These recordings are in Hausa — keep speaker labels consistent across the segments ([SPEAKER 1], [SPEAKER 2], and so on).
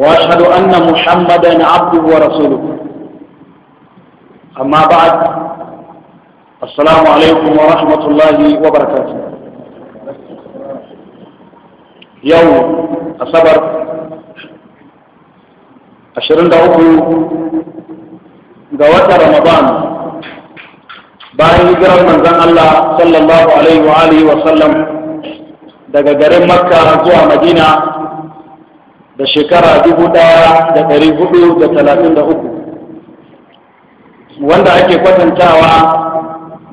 [SPEAKER 1] واشهد ان محمدا عبده ورسوله اما بعد السلام عليكم ورحمه الله وبركاته يوم الصبر عشرين دعوه دعوه رمضان
[SPEAKER 2] باين جرم من زن الله صلى الله عليه وآله وسلم
[SPEAKER 1] دقا جرم مكة رزوها مدينة da shekara dubu ɗaya da ɗari hudu da talatin da uku wanda ake kwatantawa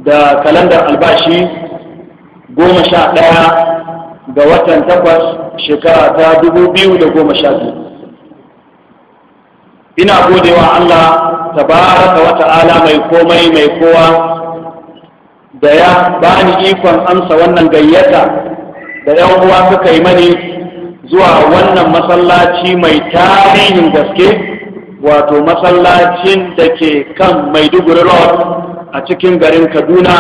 [SPEAKER 1] da kalandar albashi goma sha ɗaya ga watan takwas shekara ta dubu biyu da goma sha biyu ina godewa Allah tabaraka wa ta'ala mai komai mai kowa da ya bani ikon amsa wannan gayyata da 'yan uwa suka yi mani zuwa wannan masallaci mai tarihin gaske wato masallacin da ke kan maiduguri road a cikin garin kaduna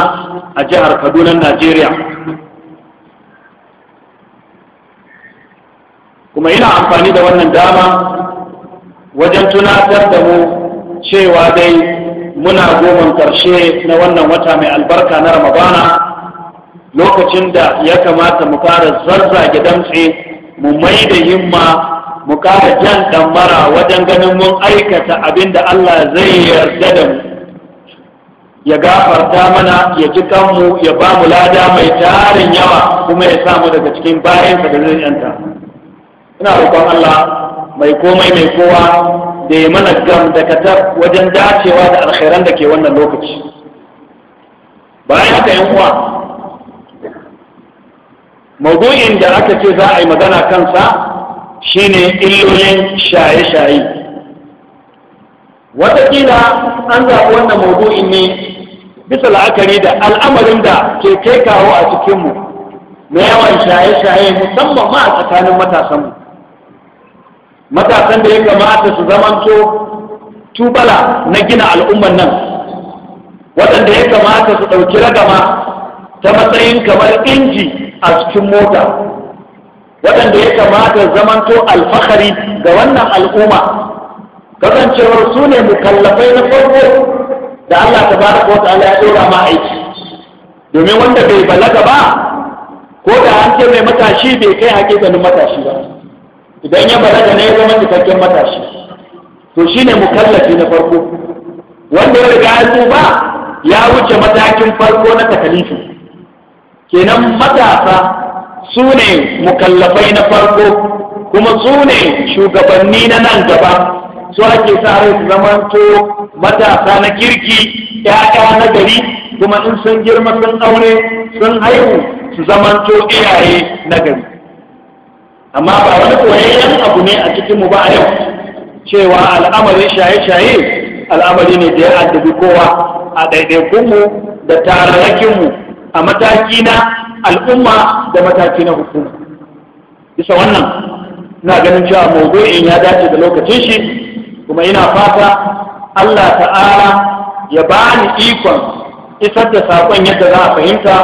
[SPEAKER 1] a jihar kaduna najeriya kuma ina amfani da wannan dama wajen tunatar da mu cewa dai muna goman ƙarshe na wannan wata mai albarka na ramadana lokacin da ya kamata mu fara zarzage damtse mu mai da himma mu kara jan ɗammara wajen ganin mun aikata abin da Allah zai yarda da mu ya gafarta mana ya ji kanmu ya ba mu lada mai tarin yawa kuma ya samu daga cikin bayansa da zai yanta ina roƙon Allah mai komai mai kowa da ya mana gam da katar wajen dacewa da alkhairan da ke wannan lokaci bayan haka yan uwa maudu'in da aka ce za a yi magana kansa shine illolin shaye-shaye watakila an zaɓi wannan maudu'in ne bisa la'akari da al'amarin da ke kai kawo a cikinmu na yawan shaye-shaye musamman ma a tsakanin matasanmu matasan da ya kamata su zamanto tubala na gina al'umman nan waɗanda ya kamata su ɗauki ragama ta matsayin kamar inji a cikin mota waɗanda ya kamata zamanto alfahari ga wannan al'umma kasancewar su ne mukallafai na farko da Allah ta ba kota ala ya ɗora ma aiki domin wanda bai balaga ba ko da an ce mai matashi bai kai ganin matashi ba idan ya balaga na ya zama cikakken matashi to shine mukallafi na farko wanda ya riga ya ba ya wuce matakin farko na takalifi kenan matasa su ne mukallafai na farko kuma su ne shugabanni na nan gaba su ake sa rai su zamanto matasa na kirki ‘ya'ya na gari kuma in sun girma sun aure sun haihu su zamanto iyaye na gari amma ba wani koyayyen abu ne a cikinmu ba a yau
[SPEAKER 2] cewa al'amari shaye-shaye
[SPEAKER 1] al'amari ne da ya addabi kowa a ɗaiɗaikunmu da tararrakinmu a mataki na al'umma da mataki na hukuma bisa wannan na ganin cewa maudu'in ya dace da lokacin shi kuma ina fata Allah ta'ala ya ba ni ikon isar da saƙon yadda za a fahimta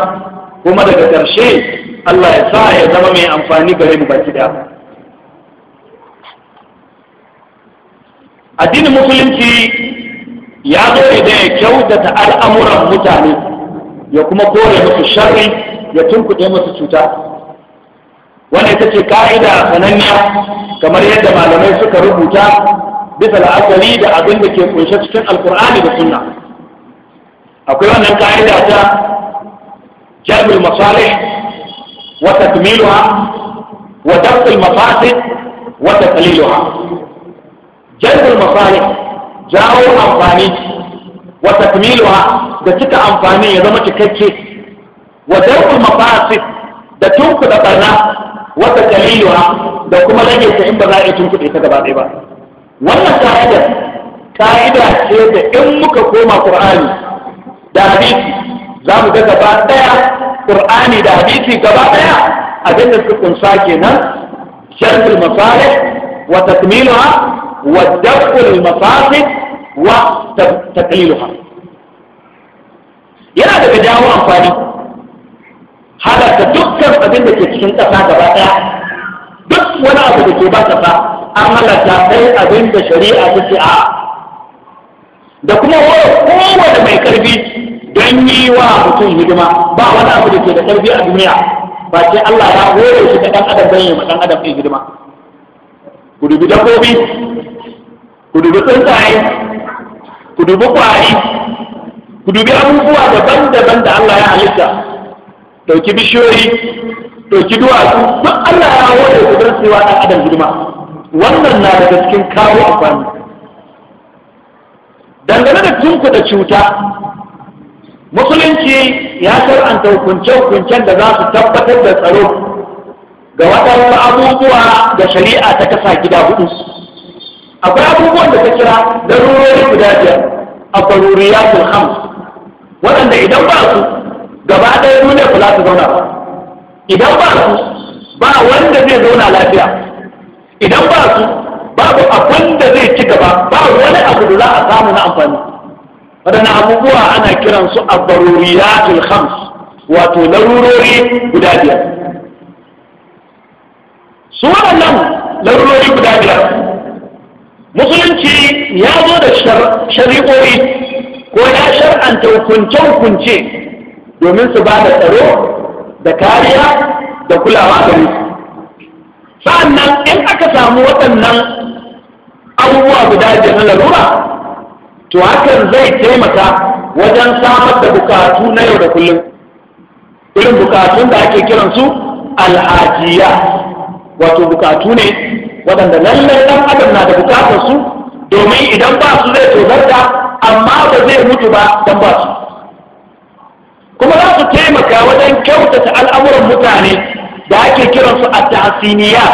[SPEAKER 1] kuma daga ƙarshe Allah ya sa ya zama mai amfani gare mu baki da addinin musulunci ya zo da ya kyautata al'amuran mutane ya kuma kore musu sharri ya tunkuɗe musu cuta wanda ita ce ka'ida sananniya kamar yadda malamai suka rubuta bisa la'akari da abin da ke kunshe cikin alkur'ani da sunna akwai wannan ka'ida ta jabir masalih wa takmiluha wa dabt mafasid wa takliluha jabir masalih jawo amfani wa takmiluha da cika amfani ya zama cikakke wa darul mafasid da tunkuda barna wa takaliluha da kuma rage ta in ba za a yi ta gaba ba wannan ka'ida ka'ida ce da in muka koma qur'ani da hadisi za mu ga gaba ɗaya qur'ani da hadisi gaba ɗaya abin da suka kunsa kenan sharhul masalih wa takmiluha wa darul mafasid wa taqliluha yana daga jawo amfani halarta dukkan abin da ke cikin ƙasa gaba ɗaya duk wani abu da ke ba ba an halarta sai abin da shari'a ta ce a da kuma wani kowane mai karfi don yi wa mutum hidima ba wani abu da ke da karfi a duniya ba ce Allah ya hore shi ta ɗan adam don yi ma ɗan adam ɗin hidima ku dubi dabbobi ku dubi tsuntsaye ku dubi kwari ku dubi abubuwa daban-daban da Allah ya halitta dauki bishiyoyi dauki duwatsu duk Allah ya hawo da don su ɗan adam hidima wannan na daga cikin kawo amfani dangane da da cuta musulunci ya shar'anta hukunce-hukuncen da za su tabbatar da tsaro ga waɗansu abubuwa da shari'a ta kasa gida hudu su akwai abubuwan da ta kira darurori guda biyar a baruriyatul hams waɗanda idan ba su gaba ɗaya duniya ba za su zauna ba idan ba su ba wanda zai zauna lafiya idan ba su babu abin da zai ci gaba ba wani abu da za a samu na amfani waɗannan abubuwa ana kiransu a baruriyatul hams wato larurori guda biyar su waɗannan
[SPEAKER 2] larurori guda biyar
[SPEAKER 1] musulunci ya zo da shari'o'i ko ya shar'anta hukunce-hukunce domin su ba da tsaro da kariya da kulawa da musu sa'annan in aka samu waɗannan abubuwa guda biyar larura to hakan zai taimaka wajen samar da bukatu na yau da kullum irin bukatun da ake kiransu al'ajiya wato bukatu ne waɗanda lallai ɗan adam na da bukatar su domin idan ba su zai da amma ba zai mutu ba don ba su kuma za su taimaka wajen kyautata al'amuran mutane da ake kiransu a tasiniya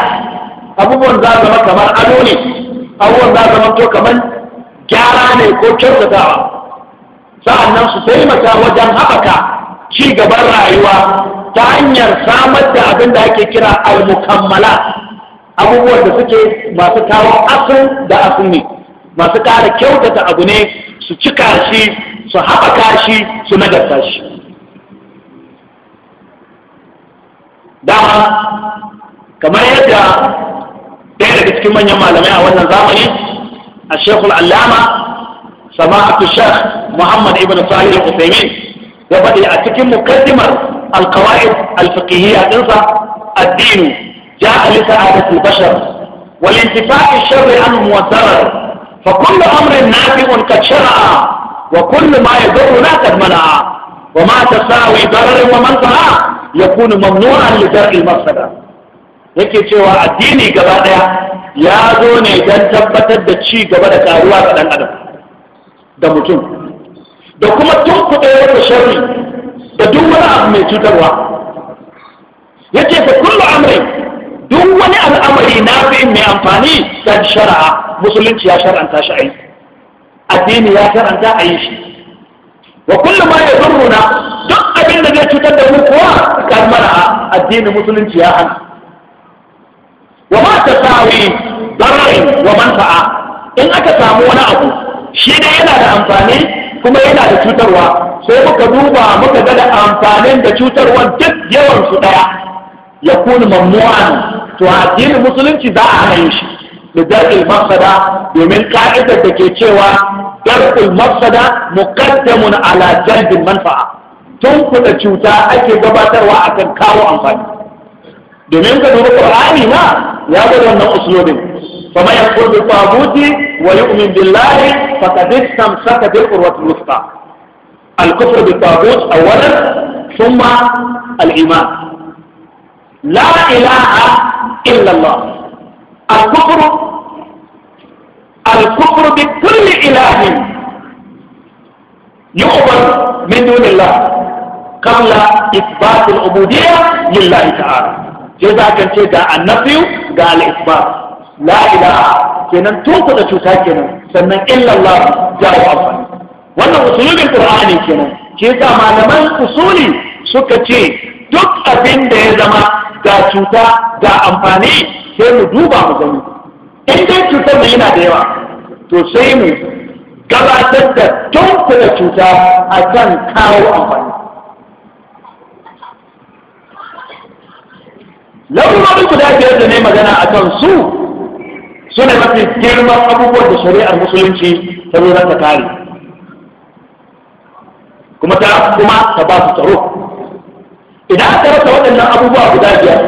[SPEAKER 1] abubuwan za zama kamar ado ne abubuwan za zama to kamar gyara ne ko kyautatawa sa'annan su taimaka wajen haɓaka ci gaban rayuwa ta hanyar samar da abin da ake kira al-mukammala abubuwan da suke masu kawo asin da asin ne masu ƙara kyautata abu ne su cika shi su haɓaka shi su nagarta shi
[SPEAKER 2] dama
[SPEAKER 1] kamar yadda ɗaya daga cikin manyan malamai a wannan zamani a shekul allama sama'atu shekh muhammad ibn salih al-usaimin ya faɗi a cikin mukaddimar alkawa'id alfiqhiyya ɗinsa addinu جاء لسعادة البشر والانتفاع الشر عنهم وزرر فكل أمر نافع قد شرع وكل ما يضر لا قد منع وما تساوي ضرر ومنفعة يكون ممنوعا لدرء المرسلة هيك يتشوى الديني قبادة يا دوني دان تبتت دتشي قبادة أروا بدن أدب دمتون دوكما تنقو تيرك الشر بدون أغمي تدروا يتشوى كل أمر duk wani al'amari na fi mai amfani da shari'a musulunci ya shar'anta shi a yi addini ya shar'anta a yi shi wa kullum ma ya na duk abin da zai cutar da mu kuwa kan mana addini musulunci ya hana wa ma ta sawi barayin wa man manfa'a in aka samu wani abu shi ne yana da amfani kuma yana da cutarwa sai muka duba muka ga da amfanin da cutarwa duk yawan su daya ya kuni to addinin musulunci za a hana shi da dar'il mafsada domin ka'idar da ke cewa dar'il mafsada muqaddamun ala jalbin manfa'a tun kuɗa cuta ake gabatarwa akan kawo amfani domin ka dubi qur'ani ma ya ga wannan usulobin faman yakfur bi taguti wa yu'min billahi faqad istamsaka bil urwatil wuthqa al-kufr bi tagut awwalan thumma al-iman لا إله إلا الله الكفر الكفر بكل إله يؤمن من دون الله قبل إثبات العبودية لله تعالى جزاك كان شيء النفي قال إثبات لا إله كنا توقف شو ساكنا سنة إلا الله جاء أفضل وانا أصول القرآن كنا شيء ما نمان أصولي سكتي دك أبين ده زمان ga cuta ga amfani sai mu duba mu gani in dai cutar mu yana da yawa to sai mu gabatar da tunkula cuta a kan kawo amfani lauyoyi guda biyar da ne magana a kan su su ne mafi girman abubuwan da shari'ar musulunci ta zo ta kare kuma ta kuma ba su tsaro idan aka rasa waɗannan abubuwa guda biyar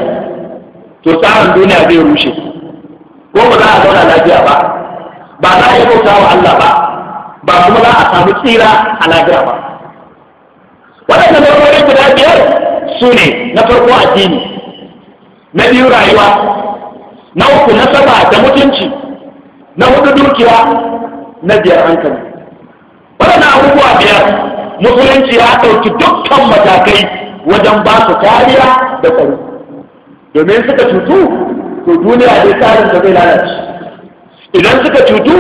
[SPEAKER 1] to tsarin duniya zai rushe ko ba za a zauna lafiya ba ba za a yi bauta wa Allah ba ba kuma za a samu tsira a lafiya ba waɗannan lokaci guda biyar su ne na farko addini na biyu rayuwa na uku nasaba da mutunci na hudu dukiya na biyar hankali waɗannan abubuwa biyar musulunci ya ɗauki dukkan matakai wajen ba su kariya da tsaro domin suka cutu to duniya dai tsarin da zai lalace idan suka cutu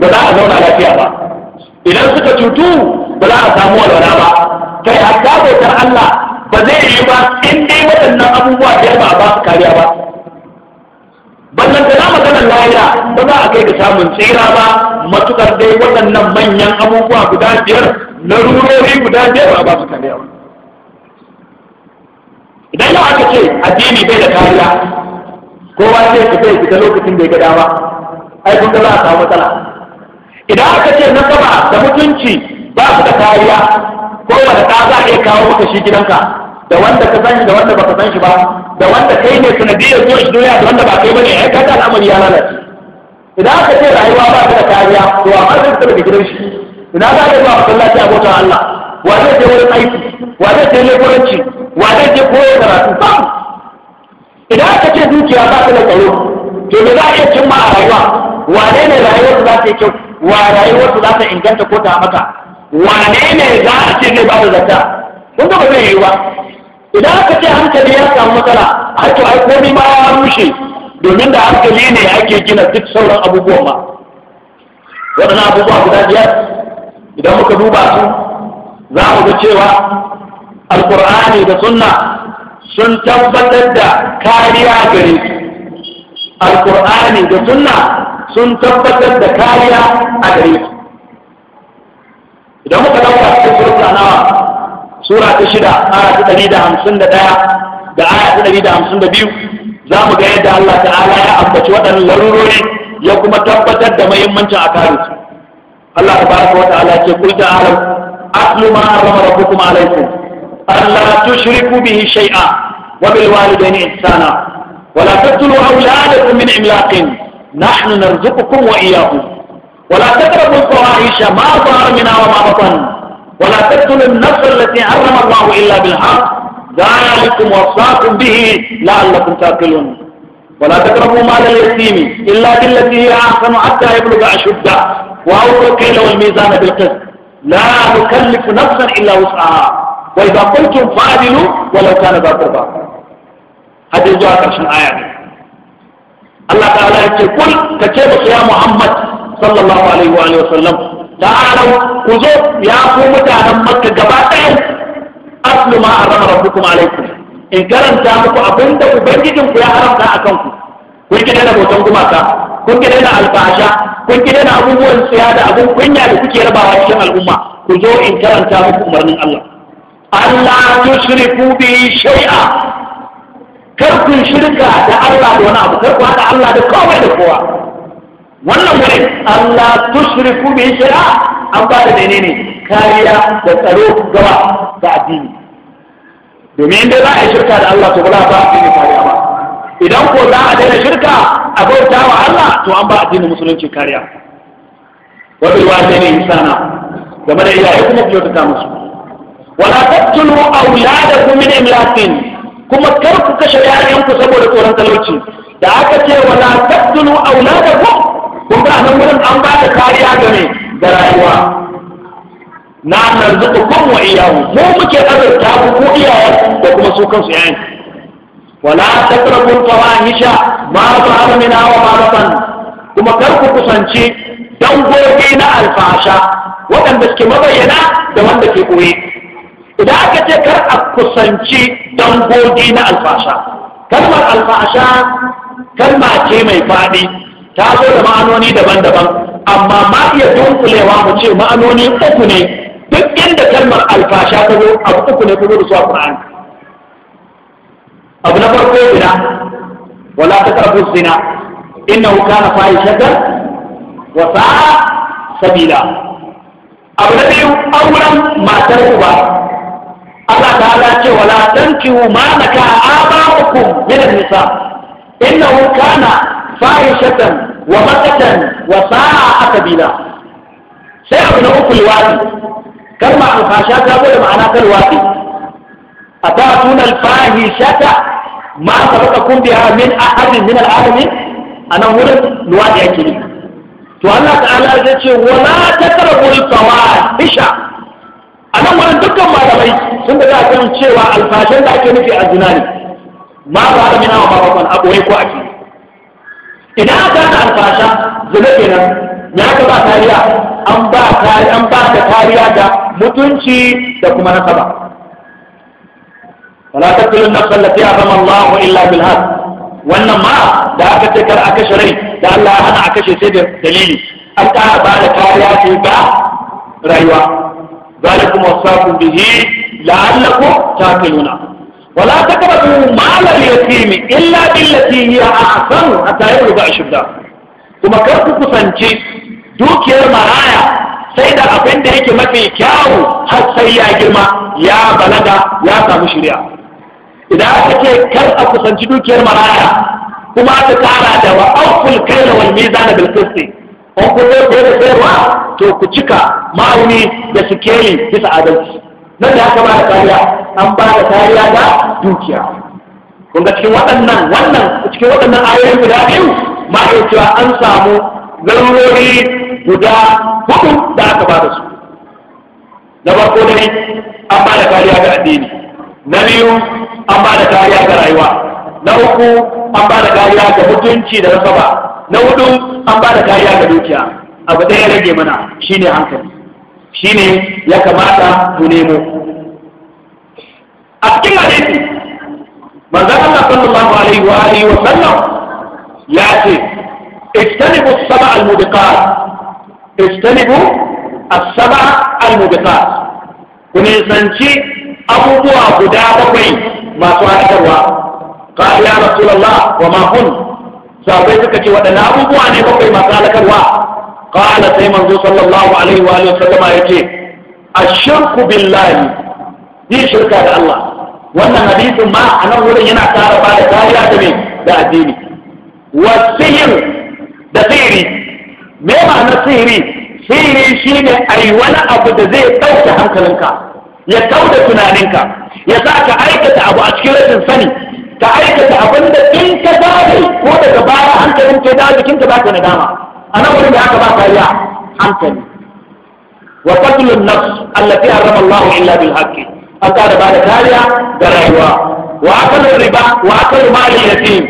[SPEAKER 1] ba za a zauna lafiya ba idan suka cutu ba za a samu walwala ba kai hatta bautar Allah ba zai yi ba in dai waɗannan abubuwa biyar ba a ba su kariya ba ballan da maganar lahira ba za a kai da samun tsira ba matukar dai waɗannan manyan abubuwa guda biyar na rurori guda biyar ba a ba su kariya ba idan yau aka ce addini bai da kariya kowa sai fita ya fita lokacin da ya ga dama ai kun ga za a samu matsala idan aka ce na saba da mutunci ba su da kariya ba da za a iya kawo maka shi gidanka da wanda ka san shi da wanda baka san shi ba da wanda kai ne sanadiyar zuwa shi duniya da wanda ba kai ne ai kaga al'amari ya lalace
[SPEAKER 2] idan aka ce rayuwa ba su da kariya to a mazin da
[SPEAKER 1] gidan shi ina za a yi a masallaci a bautan Allah wa zai je wurin aiki wa zai je lekuranci wa zai je koyar karatu ba idan aka ce dukiya ba ta da tsaro to me za a iya cimma a rayuwa Wa ne rayuwar su za ta yi kyau wa rayuwar su za ta inganta ko ta maka wa ne za a ce zai ba da zata kun ga ba zai yi ba idan aka ce hankali ya samu matsala a to ai komai ma ya rushe domin da hankali ne ake gina duk sauran abubuwan ma waɗannan abubuwa guda biyar idan muka duba su za mu ga cewa alkur'ani da sunna sun tabbatar da kariya gare su alkur'ani da sunna sun tabbatar da kariya a gare su idan muka dauka cikin surta nawa sura ta shida aya ta ɗari da hamsin da ɗaya da aya ta ɗari da hamsin da biyu za mu ga yadda Allah ta'ala ya ambaci waɗannan larurori ya kuma tabbatar da muhimmancin a kare su Allah baraka wa ta'ala ce kul ta'alam أتل ما حرم ربكم عليكم ألا تشركوا به شيئا وبالوالدين إحسانا ولا تقتلوا أولادكم من إملاق نحن نرزقكم وإياكم ولا تقربوا الفواحش ما ظهر منها وما بطن ولا تقتلوا النفس التي حرم الله إلا بالحق ذلكم وصاكم به لعلكم تاكلون ولا تقربوا مال اليتيم إلا بالتي هي أحسن حتى يبلغ أشده وأوفوا الكيل والميزان بالقسط la nukallifu nafsan illa wus'aha wa idza qultum fa'dilu walau kana dha qurba hadin zuwa karshen aya ne Allah ta'ala yake kul ka ce musu ya Muhammad sallallahu alaihi wa alihi wasallam ta'alu ku zo ya ku mutanen Makka gaba ɗaya aslu ma harama rabbukum in karanta muku abinda ubangijinku ya haramta a kanku. Kuyi yi da bautan gumaka kun ki daina albasha kun ki daina abubuwan tsaya da abun kunya da kuke rabawa cikin al'umma ku zo in karanta muku umarnin Allah Allah tushriku bi shay'a kar ku shirka da Allah da wani abu kar ku hada Allah da kowa da kowa wannan wani Allah tushriku bi shay'a an ba da ne kariya da tsaro gaba ga addini domin inda za a yi shirka da Allah to ba za a ba addini kariya ba idan ko za a daina shirka a bauta wa Allah to an ba addinin musulunci kariya wa bil ne insana game da iyaye kuma kyautata musu wala taqtulu awladakum min imlaqin kuma kar ku kashe yayanku saboda tsoron talauci da aka ce wala taqtulu awladakum kun ga nan gurin an ba da kariya game da rayuwa na narzuqukum wa iyyahum mu muke azurta ku ko iyayen da kuma su kansu yayanku wala taqrabu al-fawahisha ma zahara minha wa ma kuma kar ku kusanci dangogi na alfasha waɗanda suke mabayyana da wanda ke koyi idan aka ce kar a kusanci dangogi na alfasha kalmar alfasha kalma ce mai faɗi ta zo da ma'anoni daban-daban amma ma iya dunkulewa mu ce ma'anoni uku ne duk inda kalmar alfasha ta zo abu uku ne ku zo da su a أبو نفر قيدنا ولا تقرب الزنا إنه كان فائشة وفاء سبيلا أبو نبي أولا ما تركبا أبا تعالى ولا تنكوا ما نكا آباؤكم من النساء إنه كان فائشة ومتة وفاء سبيلا سيأبنا أبو الوادي كما أفاشاك أبو معنى الوادي Shata, أتأتون الفاحشة ما min بها من أحد من العالمين أنا هنا نوادي أكيد to Allah ta'ala ya ce wala takrabul fawahisha anan wannan dukkan malamai sun da za kan cewa alfashin da ake nufi a zina ne ma ba da mina ma ba a boye ko ake idan aka ta alfasha zina kenan ya ka ba kariya an ba kariya an ba ta kariya da mutunci da kuma nasaba wala taqtulun nafsa allati harrama Allahu illa bil wannan ma da aka ce kar a kashe rai da Allah ya hana a kashe sai da dalili an ƙara ba da kariya ce ga rayuwa zalikum wasaqu bihi la'allakum taqiluna ولا تقربوا مال اليتيم الا بالتي هي احسن حتى يبلغ اشده kuma kar ku kusanci dukiyar maraya sai da abin da yake mafi kyawu har sai ya girma ya balaga ya samu shari'a idan aka ce kar a kusanci dukiyar maraya kuma aka tara da wa aukul kaila wal mizan bil bilkisti an ku zai koyar da sayarwa to ku cika ma'auni da keli bisa adalci nan da aka ba da kariya an ba da kariya da dukiya kun ga cikin waɗannan wannan cikin waɗannan ayoyin guda biyu ma'aikaciwa an samu garurori guda hudu da aka ba da su na farko dai an ba da kariya ga addini na biyu an ba da kariya ga rayuwa na uku an ba da kariya ga mutunci da nasaba na hudu an ba da kariya ga dukiya abu ɗaya rage mana shine hankali shine ya kamata mu nemo a cikin hadisi manzo Allah sallallahu alaihi wa alihi wa sallam ya ce ijtanibu as-sab'a al-mubiqat ijtanibu as-sab'a al-mubiqat ku nisanci abubuwa guda bakwai masu haɗarwa Kaya ya rasulullah wa ma hun suka ce waɗanne. abubuwa ne bakwai masu halakarwa qala sai manzo sallallahu alaihi wa sallama a ashirku billahi yi shirka da Allah wannan hadisin ma a nan wurin yana tara ba da kariya da mai da addini wa sihir da sihiri me ma'anar sihiri sihiri shine ai wani abu da zai ɗauke hankalinka ya kauda tunaninka ya za ka aikata abu a cikin rashin sani ka aikata abin da in ka zabe ko daga baya hankalin ke da jikin ka zaka nadama a nan wurin da aka ba ka kariya hankali wa qatlun nafs allati harrama Allah illa bil haqq aka da ba kariya da rayuwa wa akalu riba wa akalu mali yatim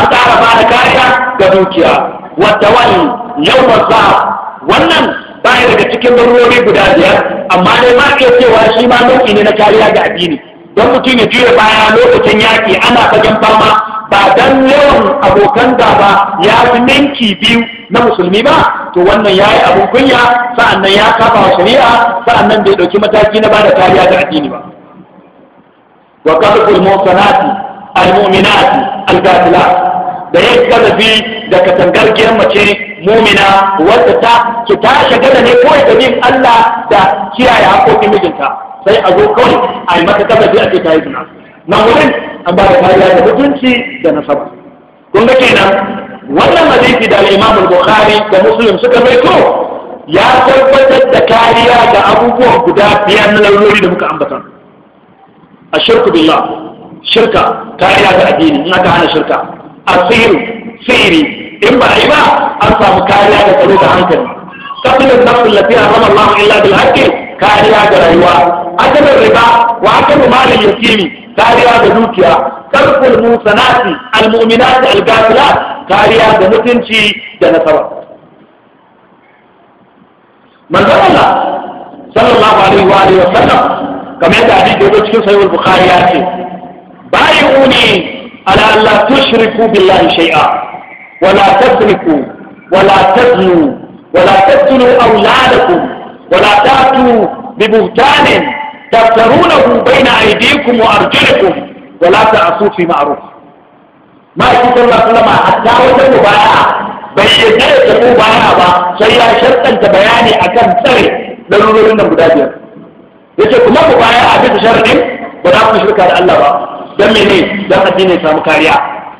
[SPEAKER 1] aka da ba kariya da dukiya wa tawalli yawma al wannan baya daga cikin barurori guda biyar amma dai ma iya cewa shi ma nau'i ne na kariya ga addini don mutum ya juya baya lokacin yaƙi ana fagen fama ba dan yawan abokan gaba ya fi ninki biyu na musulmi ba to wannan ya yi abin kunya sa'annan ya kafa wa shari'a sa'annan bai ɗauki mataki na bada kariya ga addini ba wa kulmo sanati al-mu'minati al-gafilat da ya galabi da katangargiyar mace mumina wadda ta ki ta shagala ne kawai da bin Allah da kiyaye hakokin mijinta sai a zo kawai a yi mata galabi a ce ta yi zina na wurin an ba da kariya da mutunci da nasaba kun ga kenan wannan hadisi da Imam Bukhari da Muslim suka baito ya tabbatar da kariya da abubuwan guda biyar na lalurori da muka ambata ashirku billah shirka kariya da addini in aka hana shirka asiru siri in ba yi ba an samu kariya da tsaro da hankali kafin da lafiya harama Allah illa da haqqi kariya da rayuwa adabin riba wa akabu malin yatimi kariya da dukiya karful musanati al algafilat kariya da mutunci da nasara manzon Allah sallallahu alaihi wa wa sallam kamar yadda hadisi cikin sahih al-bukhari ya ce bayyuni على أن لا تشركوا بالله شيئا ولا تسرقوا ولا تزنوا ولا تقتلوا أولادكم ولا تأتوا ببهتان تفترونه بين أيديكم وأرجلكم ولا تعصوا في معروف ما يكون صلى الله عليه وسلم حتى وجه مبايعة بيّن يتقوا مبايعة شيئا شرطا تبياني أكم سري لنورنا بداية يقول كما بايا بيت شرطي ولا تشركها لألا با don mene don addini samu kariya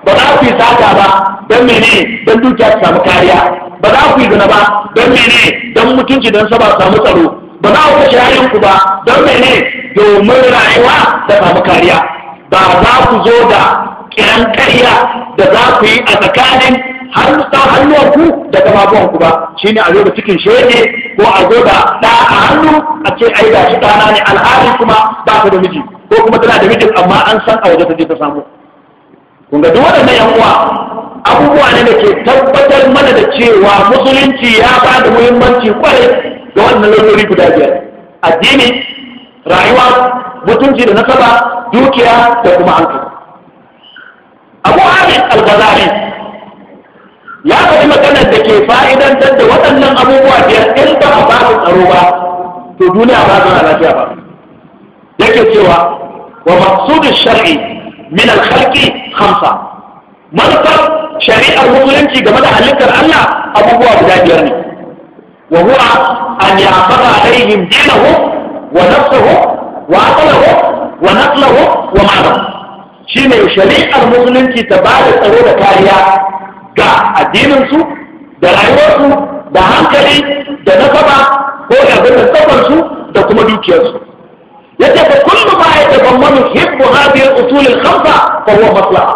[SPEAKER 1] ba za ku yi sata ba don mene don dukiya samu kariya ba za ku yi zina ba don mene don mutunci don saba samu tsaro ba za ku kashe ku ba don mene domin rayuwa ta samu kariya ba za ku zo da kiran kariya da za ku yi a tsakanin hannuwanku da ku ba Shi ne a zo da cikin shege ko a zo da ɗa a hannu a ce ai shi ɗana ne al'adun kuma ba ku da miji ko kuma tana da mijin amma an san a waje ta ta samu kun ga duk wannan yan uwa abubuwa ne da ke tabbatar mana da cewa musulunci ya ba da muhimmanci kwarai ga wannan lalurori guda biyar addini rayuwa mutunci da nasaba dukiya da kuma hankali abu hamid al ya faɗi maganar da ke fa'idantar da waɗannan abubuwa biyar in ba a ba tsaro ba to duniya ba su lafiya ba yake cewa wa maqsudu shar'i minan harki hamsa. khamsa manufar shari'ar musulunci game da halittar Allah abubuwa guda biyar ne wa huwa an ya'fara alaihim dinahu wa nafsuhu wa aqlahu wa naqlahu wa ma'alahu shine shari'ar musulunci ta bada tsaro da kariya ga addininsu da rayuwarsu da hankali da nasaba ko da abin da da kuma dukiyarsu yace fa kullu ma yatadammanu hibbu hadhihi al-usul al-khamsa fa huwa maslaha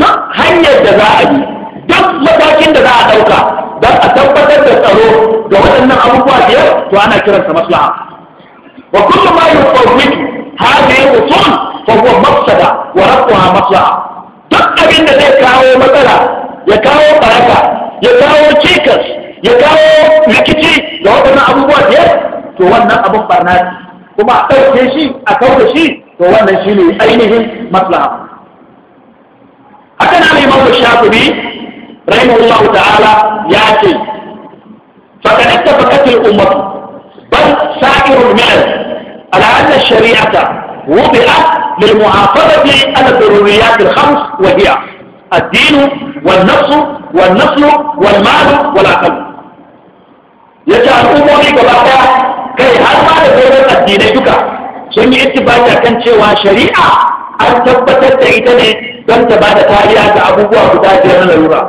[SPEAKER 1] duk hanyar da za a bi duk matakin da za a dauka dan a tabbatar da tsaro ga waɗannan abubuwa biyar to ana kiransa maslaha wa kullu ma yufawwitu hadhihi al-usul fa huwa mafsada wa rafuha maslaha duk abin da zai kawo matsala ya kawo baraka ya kawo cikas ya kawo rikici ga waɗannan abubuwa biyar to wannan abin barna kuma a ɗauke shi a kauda shi to wannan shi ne ainihin maslaha hakan na imam shafi'i rahimahullahu ta'ala ya ce fa kana tafakatul ummah bal sa'irul mi'al ala anna shari'ata وضعت للمحافظة على wa الخمس وهي الدين والنفس والنسل والمال والعقل يجعل gaba كبعضها kai har ba da sauran addinai duka sun yi ittifaki kan cewa shari'a an tabbatar da ita ne don ta ba da kariya ga abubuwa guda biyar na larura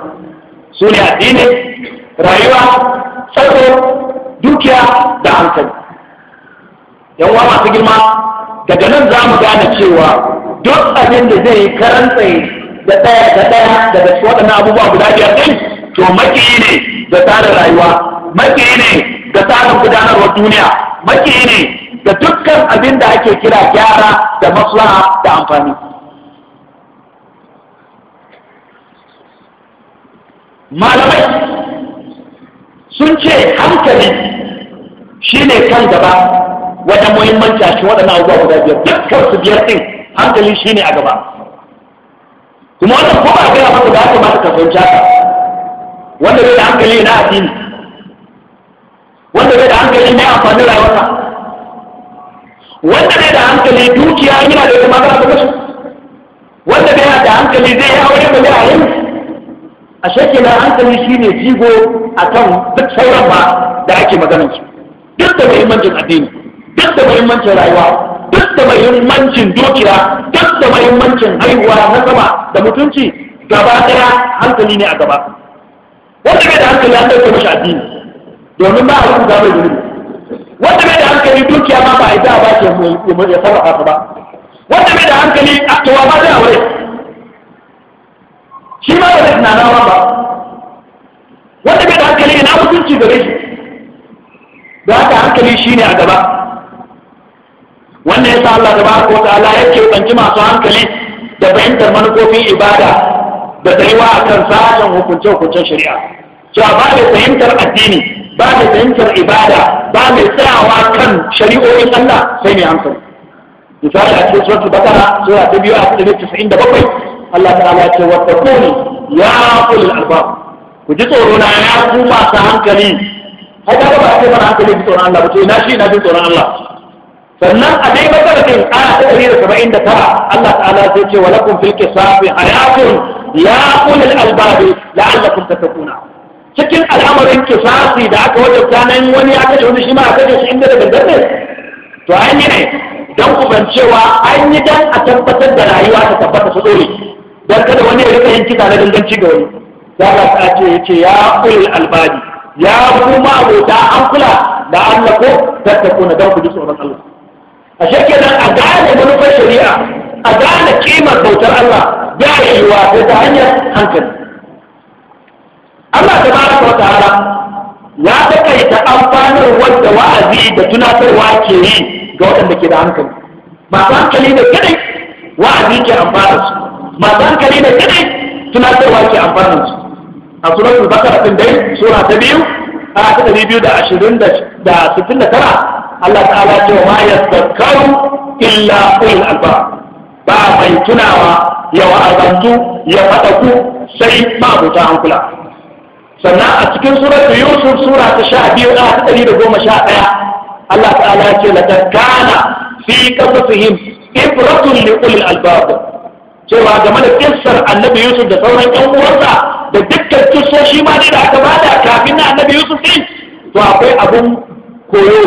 [SPEAKER 1] su ne addini rayuwa tsaro dukiya da hankali yan uwa masu girma daga nan za mu gane cewa duk abin da zai yi da ɗaya da ɗaya daga waɗannan abubuwa guda biyar ɗin to makiyi ne da tsarin rayuwa makiyi ne ga tsarin gudanarwar duniya maki ne ga dukkan abin da ake kira gyara da maslaha da amfani malamai sun ce hankali shi ne kan gaba wajen muhimmanci a cikin waɗannan abubuwa guda biyar dukkan su biyar ɗin hankali shi ne a gaba kuma wannan kuma a gaya maka da aka mata kasance fahimta wanda zai da hankali na addini wanda zai da hankali ne amfani rayuwarsa wanda zai da hankali dukiya yana da kuma za su wanda zai da hankali zai yi aure da zai yin a shekina hankali shine jigo akan duk sauran ba da ake maganar su duk da muhimmancin addini duk da muhimmancin rayuwa duk da muhimmancin dukiya duk da muhimmancin haihuwa na sama da mutunci gaba daya hankali ne a gaba wanda zai da hankali an ɗauke mashi addini domin ba a yi rubuta mai zunubi wanda bai da hankali dukiya ma ba a ita ba ke ya sarrafa ta ba wanda bai da hankali a tuwa ba zai aure shi ma ba zai tunanawa ba wanda bai da hankali ina mutunci gare shi da haka hankali shi ne a gaba wannan yasa Allah da ko wa ta'ala ya ke banci masu hankali da fahimtar manufofin ibada da tsayuwa akan sashen hukunce-hukuncen shari'a cewa ba da fahimtar addini ba mai fahimtar ibada ba mai tsayawa kan shari'o'in Allah sai mai hankali misali a cikin suratul bakara sura ta biyu a cikin 97 Allah ta'ala ya ce wattaquni ya ulul albab ku ji tsoro na ya ku masu hankali har da ba ce mana hankali ji tsoron Allah ba to ina shi ina jin tsoron Allah sannan a dai bakara din aya ta tara Allah ta'ala zai ce wa lakum fil qisafi hayatun ya ulul albab la'allakum tattaquna cikin al'amarin kisasi da aka wajabta nan wani ya kashe wani shi ma a kashe shi inda daga gangan to an yi ne don cewa an yi dan a tabbatar da rayuwa ta tabbata su dole don kada wani ya rika yin kisa na danganci ga wani ya ba ta ce ya ce ya ulil albadi ya kuma abota an kula da Allah ko tattako na don ku ji tsoron Allah a shekenan a gane manufar shari'a a gane kimar bautar Allah ya yi wa ta hanyar hankali Allah ta ba wa ta'ala ya takaita amfanarwar da wa'azi da tunatarwa ke yi ga waɗanda ke da hankali masu hankali da kadai wa'azi ke amfana su masu hankali da kadai tunatarwa ke amfana su a suratul bakara din dai sura ta biyu a ta ɗari biyu da ashirin da sittin da tara Allah ta'ala ce wa ma yadhakkaru illa ulul albab ba mai tunawa ya wa'azantu ya faɗa ku sai ma abuta hankula sannan a cikin suratu yusuf sura ta sha biyu a ta ɗari da goma sha ɗaya Allah ta'ala ya ce la kana fi qasasihim ibratun li ulil albab cewa game da kissar annabi yusuf da sauran ƴan uwansa da dukkan kissoshi ma dai da aka bada kafin na annabi yusuf din to akwai abun koyo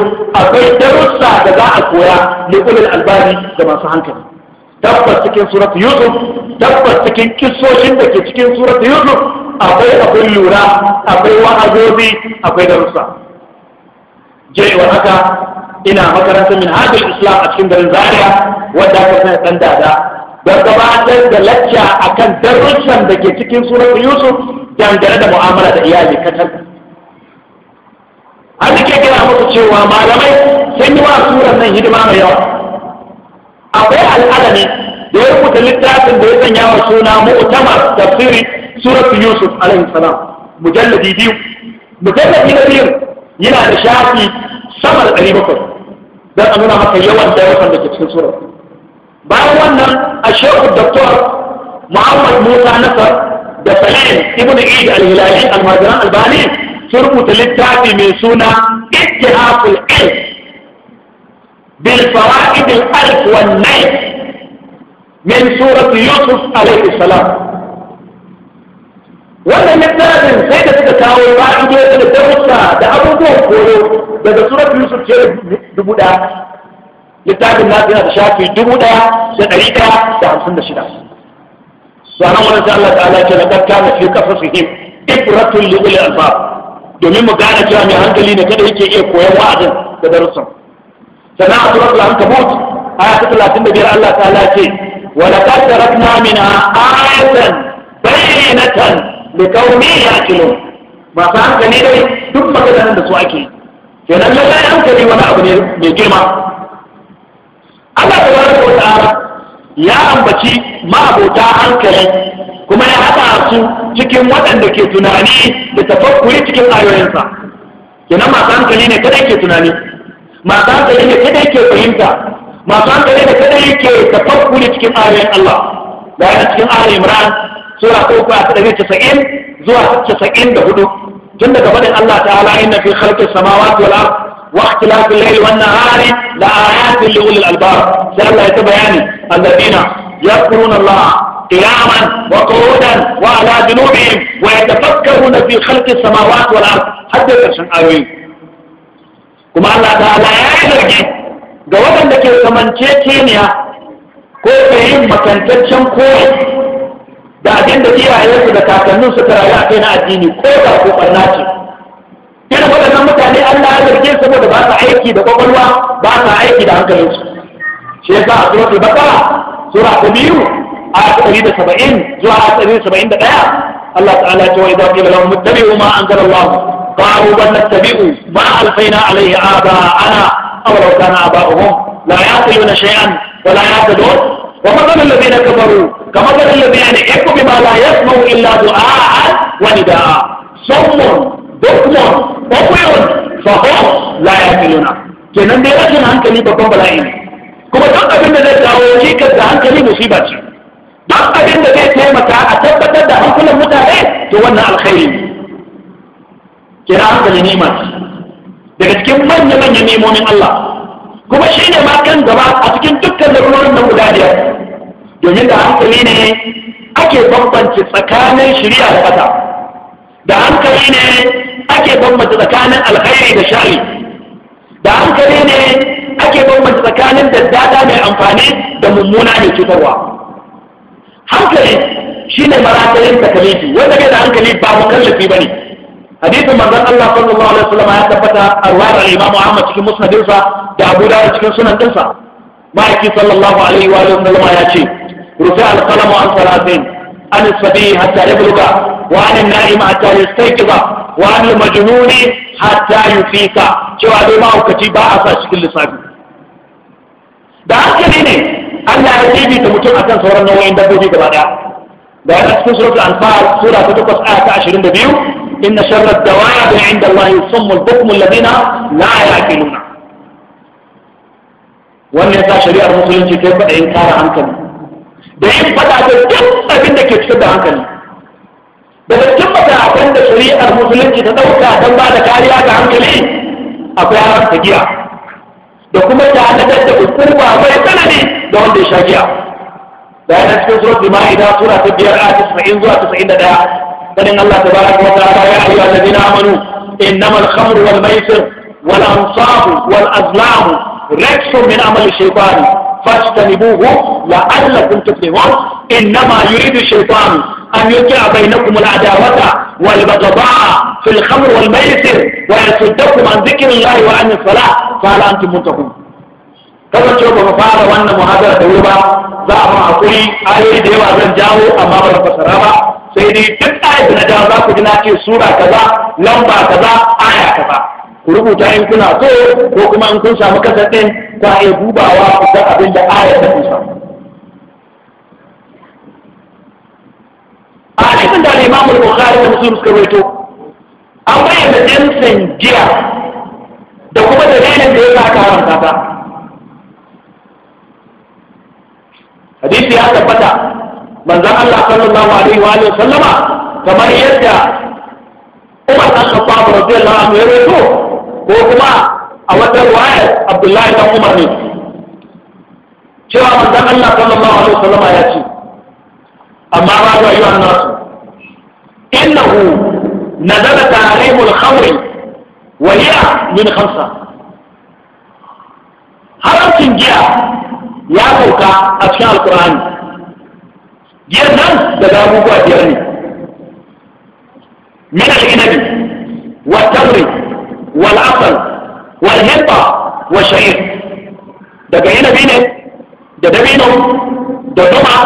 [SPEAKER 1] akwai darussa da za a koya li ulil albab ga masu hankali tabbas cikin surat yusuf tabbas cikin kissoshin da ke cikin surat yusuf akwai akwai lura akwai wa'azobi akwai darussa wa haka ina makaranta min hajjar islam a cikin garin zaria wanda aka sanya dan dada don gabatar da lacca akan darussan da ke cikin surat yusuf dangane da mu'amala da iyali kacal an ke kira musu cewa malamai sun yi wa suran nan hidima mai yawa akwai al'adami da ya rubuta littafin da ya sanya wa suna mu'tamar tafsiri surat yusuf alaihi salam mujalladi biyu mujalladi na biyu yana da shafi sama da ɗari bakwai don a nuna maka yawan darussan da ke cikin surar bayan wannan a shehu doktor muhammad musa nasar da salim ibn eid al-hilali almajiran albani sun rubuta littafi mai suna ittihaful ilm بالفوائد الألف والمئة من سورة يوسف عليه السلام وانا نتعلم ان سيدة تتاوي فائدة لتوسع دعوة وقوله بذا سورة يوسف جاي دبودا لتعلم الناس هذا شافي دبودا سنعيدا دعم سنة شدا سوانا وانا سأل الله تعالى جلدك كان في قصصهم إبرة لغل الألباب دومي مقانا جامعان قلينا كده يكي إيه كوية واعدن بذا رسم sannan a suratul ankabut aya ta talatin da biyar Allah ta'ala ce wa laqad na minha ayatan bayyinatan ya yaqilun masu hankali dai duk maganar da su ake kenan lallai hankali wani abu ne mai girma Allah tabaraka wa ara, ya ambaci ma'abota hankali kuma ya haɗa su cikin waɗanda ke tunani da tafakkuri cikin ayoyinsa kenan masu hankali ne kada ke tunani masu hankali ne kada yake fahimta masu hankali ne kada yake tafakkuri cikin ayoyin Allah da yana cikin Ali Imran sura ta uku a ɗari casa'in zuwa casa'in da hudu tun daga faɗin Allah ta'ala inna fi khalqis samawati wal ardh واختلاف الليل والنهار لآيات لأولي الألباب سألنا يتبياني الذين يذكرون الله قياما وقعودا وعلى جنوبهم ويتفكرون في خلق السماوات والأرض حتى يترشن آيوين kuma Allah ta'ala ya zargi ga waɗanda ke kamanceceniya ko ke yin makantaccen koyi da abin da iyayensu da kakannin ta rayu a kai na addini ko da ko barna ce irin waɗannan mutane Allah ya zarge saboda ba sa aiki da kwakwalwa ba sa aiki da hankalinsu shi yasa a suratul baqara sura ta biyu a ɗari da saba'in zuwa a ɗari da saba'in da ɗaya Allah ta'ala ce wa idza qila lahum ittabi'u ma anzala Allah قالوا بل نتبع ما ألقينا عليه آباءنا أو لو كان آباؤهم لا يعقلون شيئا ولا يعتدون ومثل الذين كفروا كمثل الذين يحكوا بما لا يسمع إلا دعاء ونداء صم بكم بطع فهم لا يعقلون kenan dai rashin hankali babban bala'i ne kuma duk abin da zai kawo cikas da hankali musiba ce duk abin da zai taimaka a tabbatar da hankulan mutane to wannan alkhairi ne kira haka da nima daga cikin manya manyan nemomin Allah kuma shi ne ma kan gaba a cikin dukkan larurorin da guda biyar domin da hankali ne ake bambance tsakanin shirya da ƙasa da hankali ne ake bambance tsakanin alkhairi da shari da hankali ne ake bambance tsakanin daddada mai amfani da mummuna mai cutarwa hankali shi ne maratayin takalifi wanda kai da hankali ba mu kallafi ba ne hadisin manzon Allah sallallahu alaihi wasallam ya tabbata a ruwayar Imam Ahmad cikin musnadinsa da Abu Dawud cikin sunan dinsa ma'aiki sallallahu alaihi wa sallam ya ce rufi al-qalamu an salatin an sabi hatta yabluga wa an an-na'im hatta yastayqiza wa an al-majnun hatta yufika cewa dai mahaukaci ba a sa cikin lissafi da hankali ne Allah ya jibita mutum akan sauran nau'in dabbobi gaba daya da yana cikin suratul anfal sura ta 8 aya ta 22 إن شر الدواب عند الله الصم البكم الذين لا يعقلون wannan ya sa shari'ar musulunci ta faɗa yin kara hankali da yin faɗa da duk abin da ke cikin da hankali daga cikin matakan da shari'ar musulunci ta ɗauka don ba da kariya ga hankali akwai haramta giya da kuma tanadar da hukuma mai tsanani da wanda ya sha giya da yana cikin surat ma'ida sura ta biyar a tisa'in zuwa tisa'in da ɗaya فإن الله تبارك وتعالى يا أيها الذين آمنوا إنما الخمر والميسر والأنصاب والأزلام رجس من عمل الشيطان فاجتنبوه لعلكم تفلحون إنما يريد الشيطان أن يوقع بينكم العداوة والبغضاء في الخمر والميسر ويصدكم عن ذكر الله وعن الصلاة فهل أنتم منتهون kamar ce ba fara wannan muhadara da wuri ba za a ma akwai ayoyi da yawa zan jawo amma ba fasara ba sai dai duk ayat da na dawo za ku ji na ce sura kaza lamba kaza aya kaza ku rubuta in kuna so ko kuma in kun samu kasar ɗin ku iya dubawa ku ga abin da aya ta kusa a cikin da Imam Bukhari da Muslim suka rawaito an bayyana ɗan sanjiya da kuma dalilin da ya sa ka haramta ta hadisi ya tabbata manzon Allah sallallahu alaihi wa sallama kamar yadda Umar dan Khattab radiyallahu anhu ya rawaito ko kuma a wata riwayar Abdullahi dan Umar ne cewa manzon Allah sallallahu alaihi wa sallama ya ce amma ba ga yi wannan innahu nazala ta'limul khamri wa hiya min khamsa haramcin giya ya sauka a cikin alqur'ani yin nan daga abubuwa biyar ne min inabi wa tamri wa asal wa hibba wa shayir. daga inabi ne da dabino da duma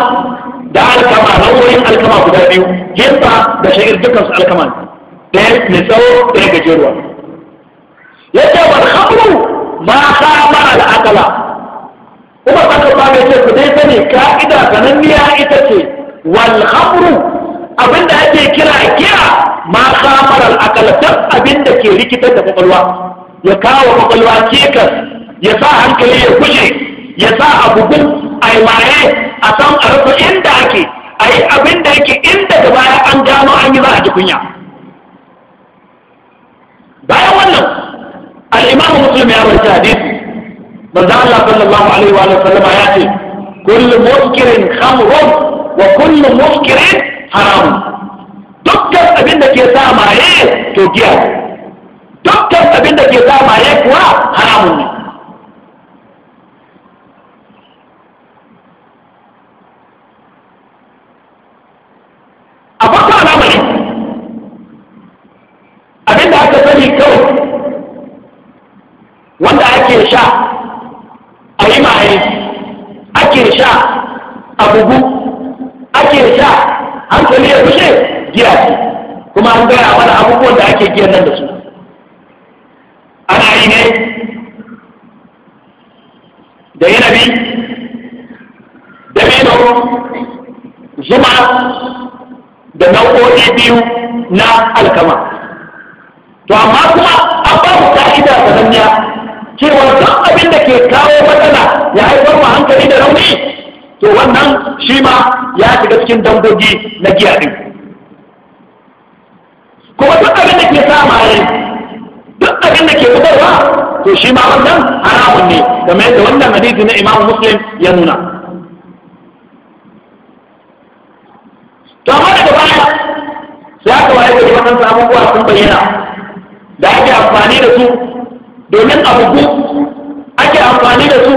[SPEAKER 1] da alkama nau'o'in alkama guda biyu hibba da sha'ir dukansu alkama ne ɗaya mai tsawo ɗaya gajeruwa yadda wal khamru ma khama al-aqla Umar Bakar Bami ce ku dai sani
[SPEAKER 2] ka'ida sananniya
[SPEAKER 1] ita ce abin abinda ake kira kira ma kamarar abin abinda ke rikitar da kwakwalwa ya kawo kwakwalwa cikas ya sa hankali ya kushe ya sa a a yi waye a san a rasa inda ake a yi abinda yake inda da baya an gano an yi za a ji kunya bayan wannan al'imamu muslim ya warke hadisi manzo Allah sallallahu alaihi wa sallama ya ce kullu muskirin khamrun وكل مسكر حرام دكتور ابن دك يتا ما ايه توكيا دكتور ابن دك يتا ما ايه كوا حرام أبقى على عملي أبين دعك تسلي وانت عاكي شاك dukiyar nan da su ana yi ne da yanabi da mino zuma da nau'o'i biyu na alkama to amma kuma an ba mu ka'ida sananniya cewa duk abin da ke kawo matsala ya haifar ma hankali da rauni to wannan shi ma ya shiga cikin dangogi na giya ɗin duk abin da ke sa maye duk abin da ke zubarwa to shi ma wannan haramun ne kamar da wannan hadisi na imamu muslim ya nuna
[SPEAKER 2] to daga baya sai aka waye gari wannan abubuwa sun
[SPEAKER 1] bayyana da ake amfani da su domin abubu ake amfani da su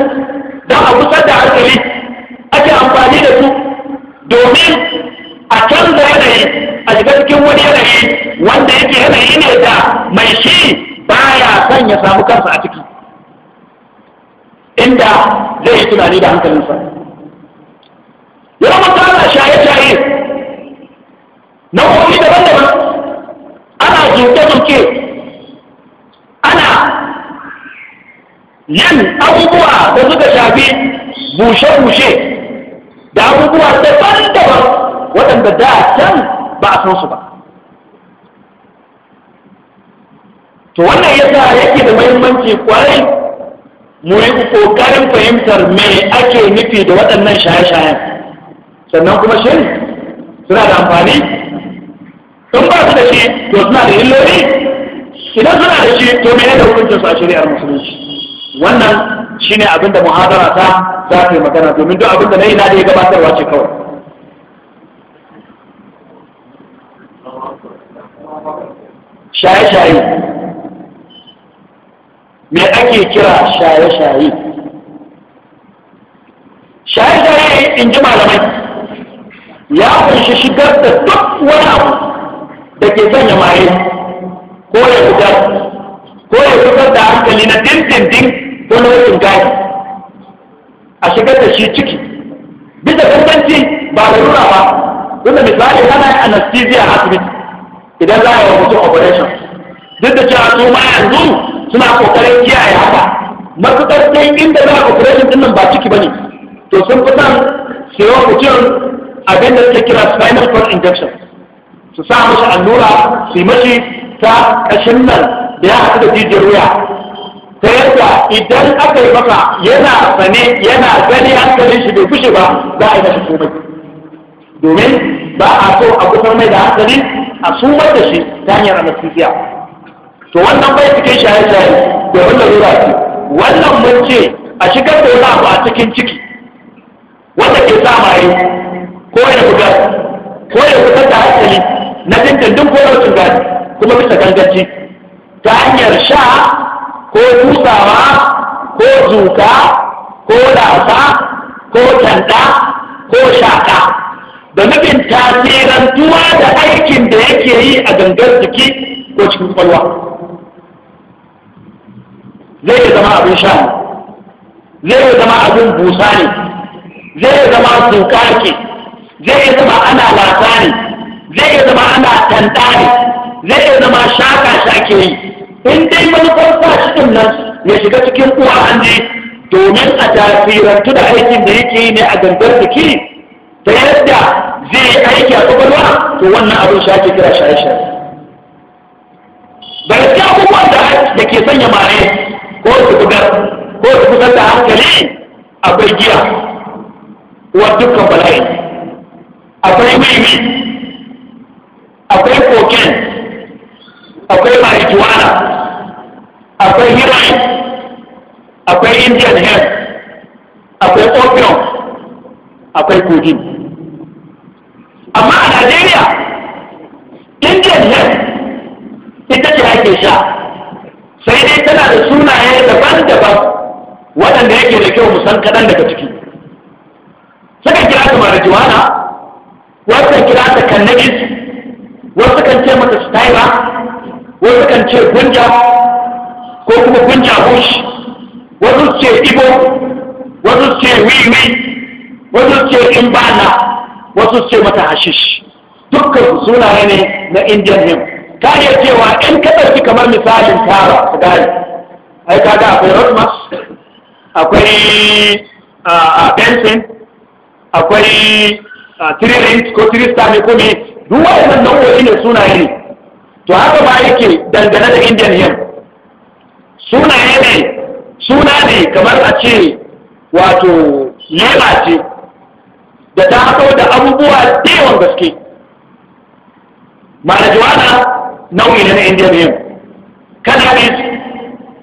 [SPEAKER 1] don a kusa da hankali ake amfani da su domin a canza yanayin. daga cikin wani yanayi wanda yake yanayi ne da mai shi baya son ya samu kansa a ciki inda zai yi tunani da hankalinsa yawan
[SPEAKER 2] ana shaye-shaye na nau'o'i daban-daban ana
[SPEAKER 1] zuke-zuke ana yin abubuwa da suka shafi bushe-bushe da abubuwa
[SPEAKER 2] daban-daban
[SPEAKER 1] waɗanda da can ba a san su ba
[SPEAKER 2] to wannan yasa yake da mahimmanci
[SPEAKER 1] kwarai mu yi kokarin fahimtar me ake nufi da waɗannan shaye-shayen sannan kuma shi suna da amfani in ba su da shi to suna da illoli idan suna da shi to me da hukuncin su a shari'ar musulunci wannan shine abinda da muhadara ta za ta yi magana domin duk abinda na yi na da ya gabatarwa ce kawai shaye-shaye me ake kira shaye-shaye shaye-shaye in ji malamai ya kunshi shigar da duk wani abu da ke sanya maye ko ya fitar ko ya fitar da hankali na dindindin ko na wajen gani a shigar da shi ciki bisa bambanci ba da nuna ba wanda misali ana anesthesia asibiti idan za a yi mutum operation duk da cewa su ma yanzu suna kokarin kiyaye haka matuƙar sai inda za a operation din nan ba ciki ba ne. to sun fi san mutum abin da suke kira spinal cord injection su sa mashi allura su yi mashi ta ƙashin nan da ya haɗu da jijiyar wuya ta yadda idan aka yi maka yana sane yana gani hankalin shi bai fushe ba za a yi mashi komai domin ba a so a kusan mai da hankali a sumar da shi ta hanyar anesthesia to wannan bai cikin shaye-shaye domin zuwa ce wannan mun ce a shigar da wani abu a cikin ciki wanda ke sa maye ko ya buga ko ya da hankali na dindindin ko cin gani kuma bisa ganganci ta hanyar sha ko busawa ko zuka ko lasa ko tanda ko shaƙa da nufin tasirantuwa da aikin da yake yi a gangar jiki ko cikin kwalwa zai zama abin sha zai zama abin busa ne zai zama kuka ke zai zama ana wasa ne zai zama ana tanta ne zai zama shaka shake yi in dai manufar sa nan ya shiga cikin uwa hanji domin a tasirantu da aikin da yake yi ne a gangar jiki ta yadda zai aiki a kwakwalwa to wannan abin shi ake kira shaye-shaye da gaske abubuwan da da ke sanya mare ko su bugar ko su kusan da hankali akwai giya wa dukkan bala'i akwai mimi akwai koken akwai marijuana akwai heroin akwai indian hair akwai opium akwai kogin. amma a najeriya Indian nan ita ce ake sha sai dai tana da sunaye daban-daban waɗanda yake da kyau musan kaɗan daga ciki suka kira ta marijuana wasu kira ta cannabis wasu kan ce mata styra wasu kan ce gunja ko kuma gunja bush wasu ce ibo wasu ce wiwi wasu ce imbana wasu ce mata hashish dukkan sunaye ne na indian him ka iya cewa in ka ɗauki kamar misalin tara su gari ai kaga akwai rotmas akwai benson akwai tiririn ko tirista ne kome duk waɗannan nau'o'i ne sunaye ne to haka ba yake dangane da indian him sunaye ne suna ne kamar a ce wato lema ce da ta haɗo da abubuwa da yawan gaske marijuana nau'i na indiya ne cannabis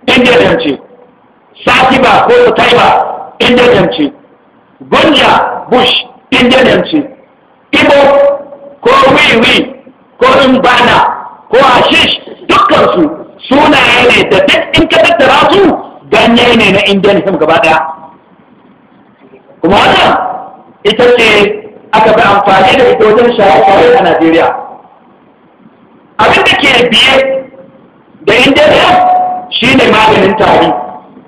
[SPEAKER 1] indiya ce satiba ko taiba indiya ce gonja bush indiya ce ibo ko wiwi ko imbana ko ashish dukkansu sunaye ne da duk in ka tattara su ganye ne na indiya gaba ɗaya kuma wannan ita ce aka fi amfani da ita wajen shaye-shaye a Najeriya. Abin da ke biye da Indiyar shi ne maganin tari,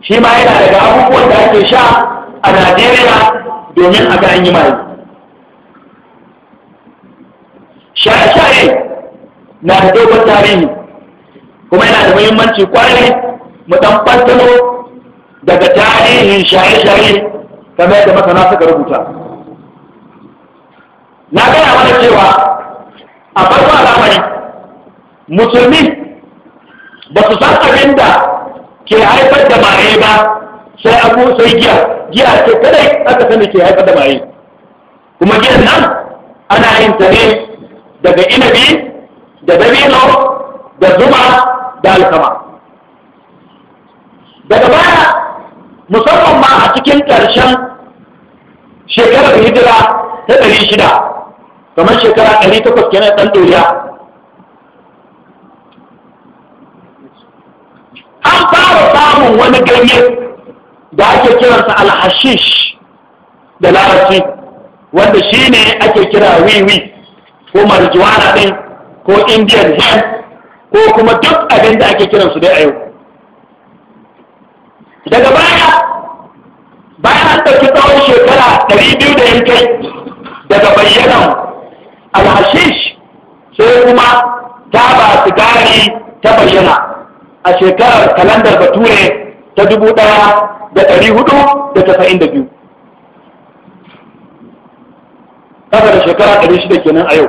[SPEAKER 1] shi ma yana daga abubuwan da ake sha a Najeriya domin a ga an yi mai. Shaye-shaye na da dogon tarihi, kuma yana da muhimmanci kwarai mu ɗan fantano daga tarihin shaye-shaye kamar yadda masana suka rubuta. na gaya mana cewa a farko al'amari musulmi ba su san abin da ke haifar da maye ba sai abu sai giya giya ce kadai aka sani ke haifar da maye kuma giyan nan ana yin ta ne daga inabi da dabino da zuma da alkama daga baya musamman ma a cikin ƙarshen shekarar hijira ta ɗari shida kamar shekara ɗari takwas kenan ɗan ɗoriya an fara samun wani ganye da ake kiransa alhashish da larabci wanda shi ne ake kira wiwi ko marijuana ɗin ko indian hemp ko kuma duk abin da ake kiransu dai a yau daga baya bayan an ɗauki tsawon shekara biyu da yankai daga bayyanan alhashish sai kuma taba sigari ta bayyana a shekarar kalandar bature ta dubu ɗaya da ɗari hudu da tafain da biyu ƙasa da shekara ɗari shida kenan a yau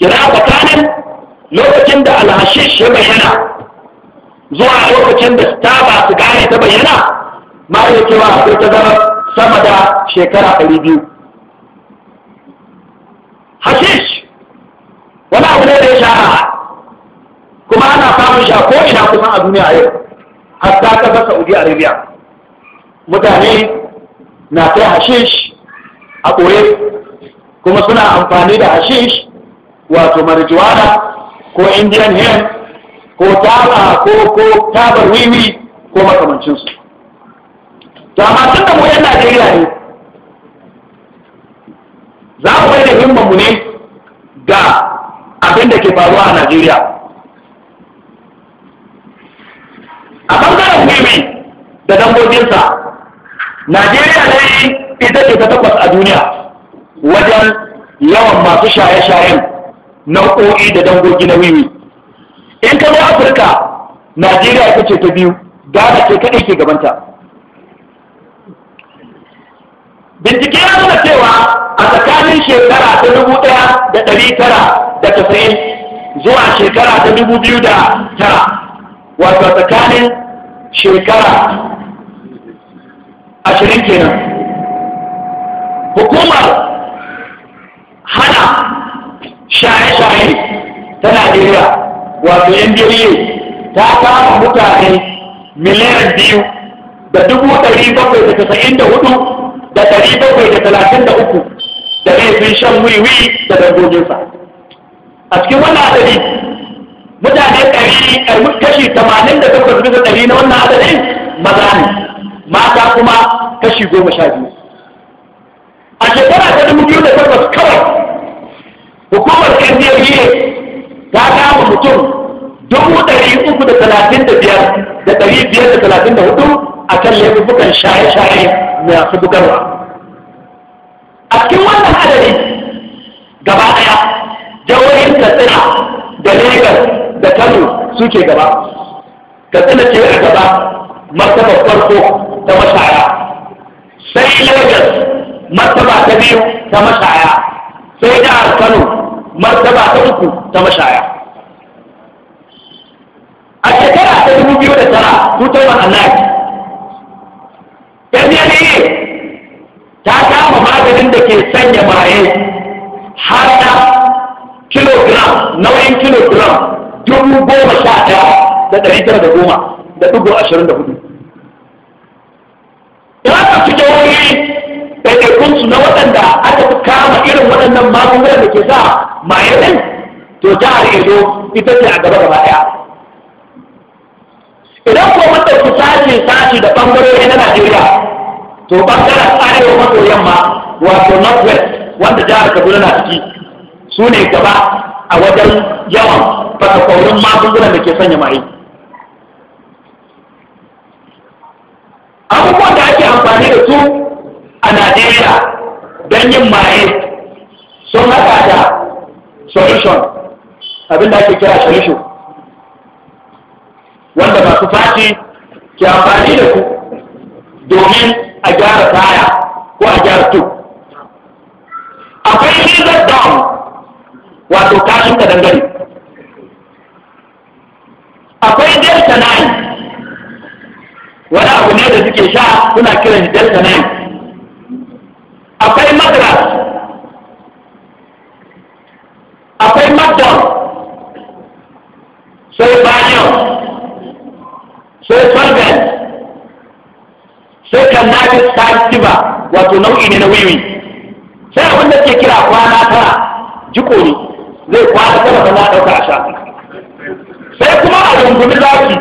[SPEAKER 1] kira a tsakanin lokacin da alhashish ya bayyana zuwa lokacin da taba sigari ta bayyana ma iya cewa akwai ta zama sama da shekara ɗari biyu hashish wani abu ne da ya shahara kuma ana samun shi a ko'ina kusan a duniya yau hatta kasar saudi arabia mutane na kai hashish a ɓoye kuma suna amfani da hashish wato marijuana ko indian hen ko taba ko ko tabar wiwi ko makamancinsu to tun da mu yan najeriya ne za mu yi da himmanmu ne ga abin da ke faruwa a najeriya a ɓangaren wimi da dangoginsa, najeriya ne ita ce ta takwas a duniya wajen yawan masu shaye-shayen nau'o'i da dangogi na wiwi in ka zo afirka najeriya ita ce ta biyu gada ce kaɗai ke gabanta bincike ya nuna cewa a tsakanin shekara ta dubu ɗaya da ɗari tara da tasa'in zuwa shekara ta dubu biyu da tara wato tsakanin shekara ashirin kenan hukumar hana shaye-shaye ta najeriya wato nba ta kama mutane miliyan biyu da dubu ɗari bakwai da tasa'in da hudu da ɗari bakwai da talatin da uku da laifin shan wiwi da dangoginsa a cikin wannan adadi mutane ɗari kashi tamanin da takwas bisa ɗari na wannan adadin maza ne mata kuma kashi goma sha biyu a shekara ta dubu biyu da takwas kawai hukumar NDLEA ta kama mutum dubu ɗari uku da talatin da biyar da ɗari biyar da talatin da hudu a kan laifukan shaye-shaye masu bugarwa a cikin
[SPEAKER 2] wannan adadi gaba ɗaya jawohin
[SPEAKER 1] katsina da lagos da kano suke gaba katsina ke a gaba martaba farko ta mashaya sai lagos martaba ta biyu ta mashaya sai jihar kano martaba ta uku ta mashaya a shekara ta dubu biyu da tara 2009
[SPEAKER 2] ne ta kama maganin da ke sanya
[SPEAKER 1] maye har na kilogram nauyin kilogram dubu goma sha ɗaya da ɗari tara da goma da dubu ashirin da hudu ya ka fi jawoyi ɗaiɗaikunsu na waɗanda aka fi kama irin waɗannan magungunan da ke sa maye ɗin to jihar edo ita ce a gaba gaba ɗaya idan kuma mutum ɗauki sashi sashi da ɓangarori na najeriya to bangaren arewa maso yamma wato northwest wanda jihar kaduna na ciki su ne gaba a wajen yawan fasakwaurin magungunan da ke sanya mai abubuwan da ake amfani da su a najeriya don yin maye sun haɗa da solution abin da ake kira solution wanda masu fashi ke amfani da su domin a gyara taya ko a gyara tu akwai lizard down wato kashin ka dangare
[SPEAKER 2] akwai delta 9
[SPEAKER 1] wani abu ne da suke sha suna kiran delta 9 akwai madras akwai macdon sai bayan sai wannan nafis ta wato nau'i ne na wiwi sai abin da ke kira kwana tara jiko ne zai kwana tara ba na ɗauka a sha sai kuma a rungumi zaki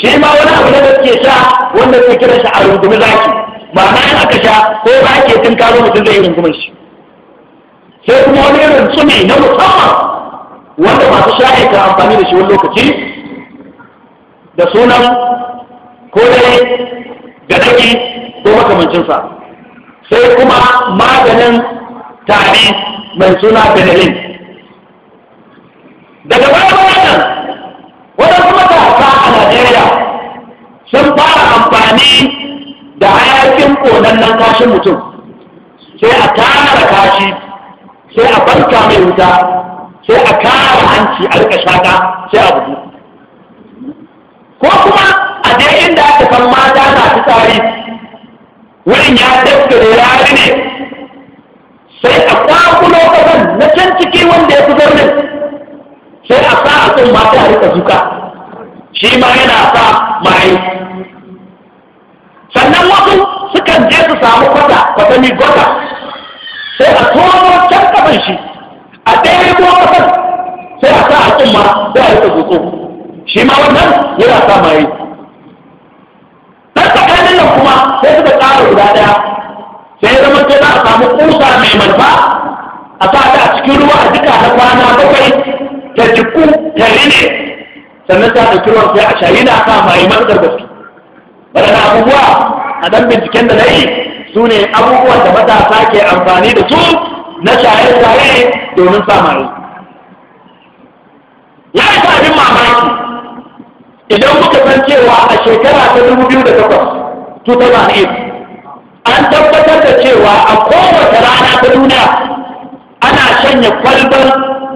[SPEAKER 2] shi ma wani abu da ke sha
[SPEAKER 1] wanda ke kira shi a rungumi zaki ma'ana in aka sha ko ba ke tun karo mutum zai rungumar shi sai kuma wani irin tsumi na musamman wanda masu sha ka amfani da shi wani lokaci da sunan ko
[SPEAKER 2] dai ga
[SPEAKER 1] ko makamancinsa sai kuma maganin tari mai suna benelin daga baya wannan waɗansu matasa a najeriya sun fara amfani da hayakin nan kashin mutum sai a tara kashi sai a barka mai wuta sai a kara hanci a rika shaka sai a bugu ko kuma a dai inda aka san mata na tari, wurin ya da rari ne sai a kwaku lokacin na can ciki wanda ya fito ne sai a sa a kan mata a rika zuka shi ma yana sa mai sannan wasu sukan je su samu kwata kwatami gwata sai a tono can kafin shi a ɗaya ko kwata sai a sa a kan ma a rika zuko shi ma wannan yana sa mai ɗin kuma sai suka ƙara guda ɗaya sai zama sai za a samu kusa mai manufa. a sa ta a cikin ruwa a jika na kwana bakwai ta jiku ta rine sannan ta ɗauki ruwan sai a shayi da aka mai matsar gaske na abubuwa a ɗan binciken da na yi su ne abubuwan da matasa ke amfani da su na shaye-shaye domin samari ya yi abin mamaki idan muka san cewa a shekara ta dubu biyu da takwas 2008 an tabbatar da cewa a kowace rana ta duniya ana shanya kwalbar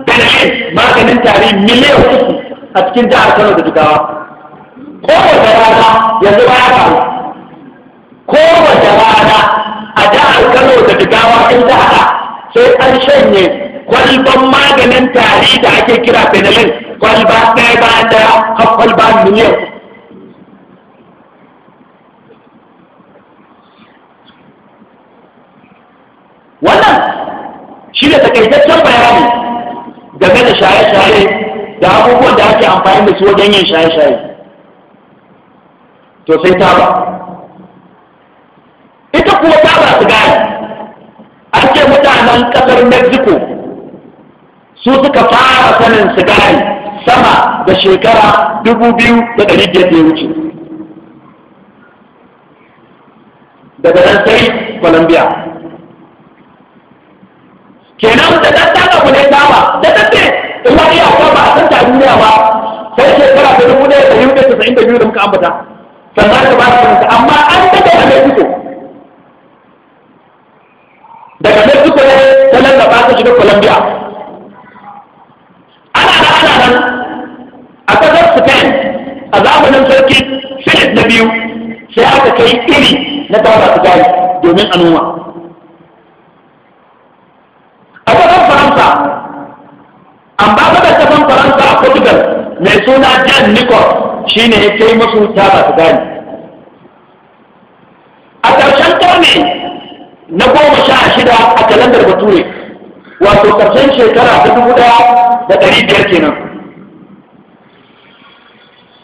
[SPEAKER 1] benin maganin tari miliyan uku a cikin jihar kano da jigawa kowace rana yanzu ba ya faru kowace rana a jihar kano da jigawa in ta haɗa sai an shanye kwalban maganin tari da ake kira benin kwalba ɗaya ba ɗaya har kwalba miliyan uku wannan shi ne takaitaccen bayani game da shaye-shaye da abubuwan da ake amfani da su wajen yin shaye-shaye to sai taba ita kuma taba su An ake mutanen ƙasar mexico su suka fara sanin sigari sama da shekara dubu biyu da ɗari biyar da ya wuce daga nan sai colombia kenan da daddan abu ne dama da daddan in ba iya ba a san ta duniya ba sai shekara ta dubu ɗaya da yuɗe tasa'in inda biyu da muka ambata sannan ka ba ta amma an daɗe a Mexico daga Mexico ne ta lallaba ta shiga Colombia ana da ana nan a ƙasar Spain a zamanin sarki Philip na biyu sai aka kai iri na tawara su gari domin a noma a ƙasar faransa ta ƙasar faransa a portugal mai suna jan nicol shi ne ya kai masu ta ba su gani a ƙarshen karni na goma sha shida a kalandar bature wato ƙarshen shekara ta dubu ɗaya da ɗari biyar kenan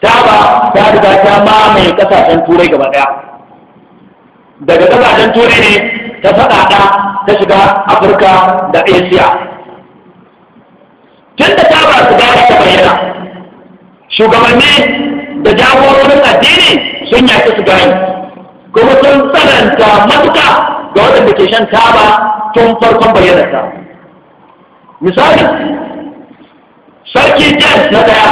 [SPEAKER 1] taba ta riga ta mai ƙasashen turai gaba ɗaya daga ƙasashen turai ne ta faɗaɗa ta shiga afirka da asia tun da taba su gane da bayyana shugabanni da jagororin addini sun yaki su gani kuma sun tsananta matuka ga waɗanda ke shan taba tun farkon bayyanarta misali sarki james na daya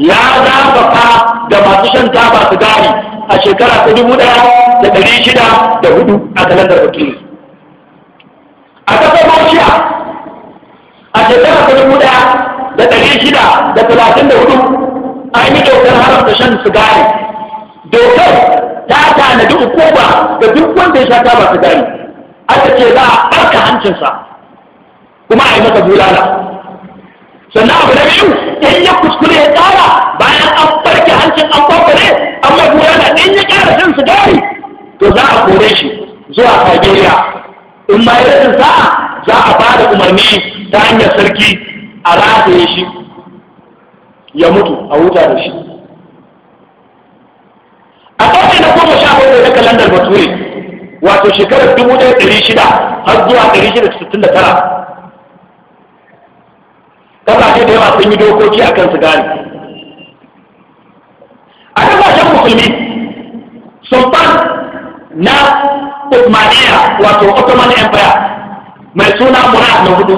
[SPEAKER 1] ya zafafa da masu shan taba su gari a shekara ta dubu ɗaya da ɗari shida da hudu a kalandar bature a ƙasar Bashiya, a shekara ta dubu ɗaya da ɗari shida da talatin da hudu an yi dokar haramta shan sigari dokar ta tanadi hukuma ga duk wanda ya sha taba sigari aka ce za a ɓarka hancinsa kuma a yi masa bulala sannan abu na biyu in ya kuskure ya tsara bayan an farke hancin an kwakwale an mabuwa da in ya ƙara shan sigari to za a kore shi zuwa Najeriya in ma ya sa'a za a ba da umarni ta hanyar sarki a rataye shi ya mutu a wuta da shi a ɗauke na goma sha bakwai na kalandar bature wato shekarar dubu ɗaya ɗari shida har zuwa ɗari shida da tara kasashe da yawa sun yi dokoki akan sigari a kasashen musulmi sultan na Uthmaniya wato Ottoman Empire mai suna Murad na hudu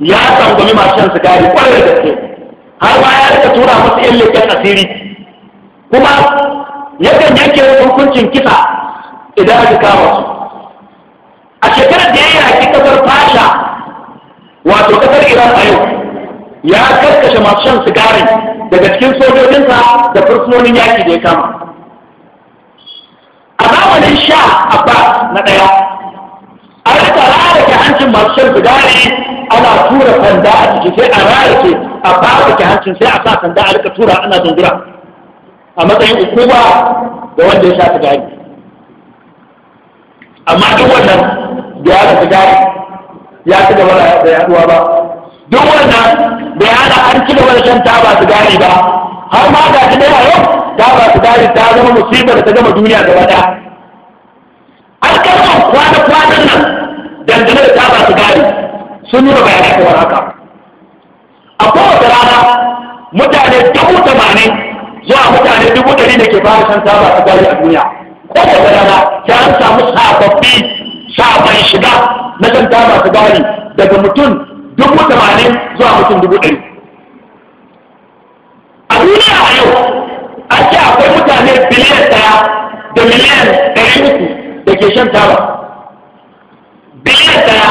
[SPEAKER 1] ya tsangwami masu shan sigari kwarai da gaske har ma ya rika tura masu yan leƙen asiri kuma yakan yanke hukuncin kisa idan aka kama su a shekarar da ya yaki kasar fasha wato ƙasar iran a yau ya karkashe masu shan sigarin daga cikin sojojinsa da fursunonin yaƙi da ya kama a zamanin sha abba na ɗaya a rika rarake hancin masu shan sigari ana tura sanda a ciki sai a rarake a ke hancin sai a sa sanda a rika tura ana dundura a matsayin hukuma da wanda ya sha sigari amma duk wannan da ya sigari ya ci gaba da yaduwa ba duk wannan da ya da an ci da shan taba su gari ba har ma ga ta daya yau taba su gari ta zama musibar ta gama duniya da ɗaya an kama kwana-kwanan nan dangane da taba su gari sun nuna bayanai kamar haka a kowace rana mutane dubu tamanin zuwa mutane dubu ɗari da ke fara shan taba su gari a duniya kowace rana ta an samu sababbi sabon shiga na shan taba su gari daga mutum dubu tamanin zuwa mutum dubu ɗari a duniya a yau a ce akwai mutane biliyan ɗaya da miliyan ɗari uku da ke shan taba biliyan ɗaya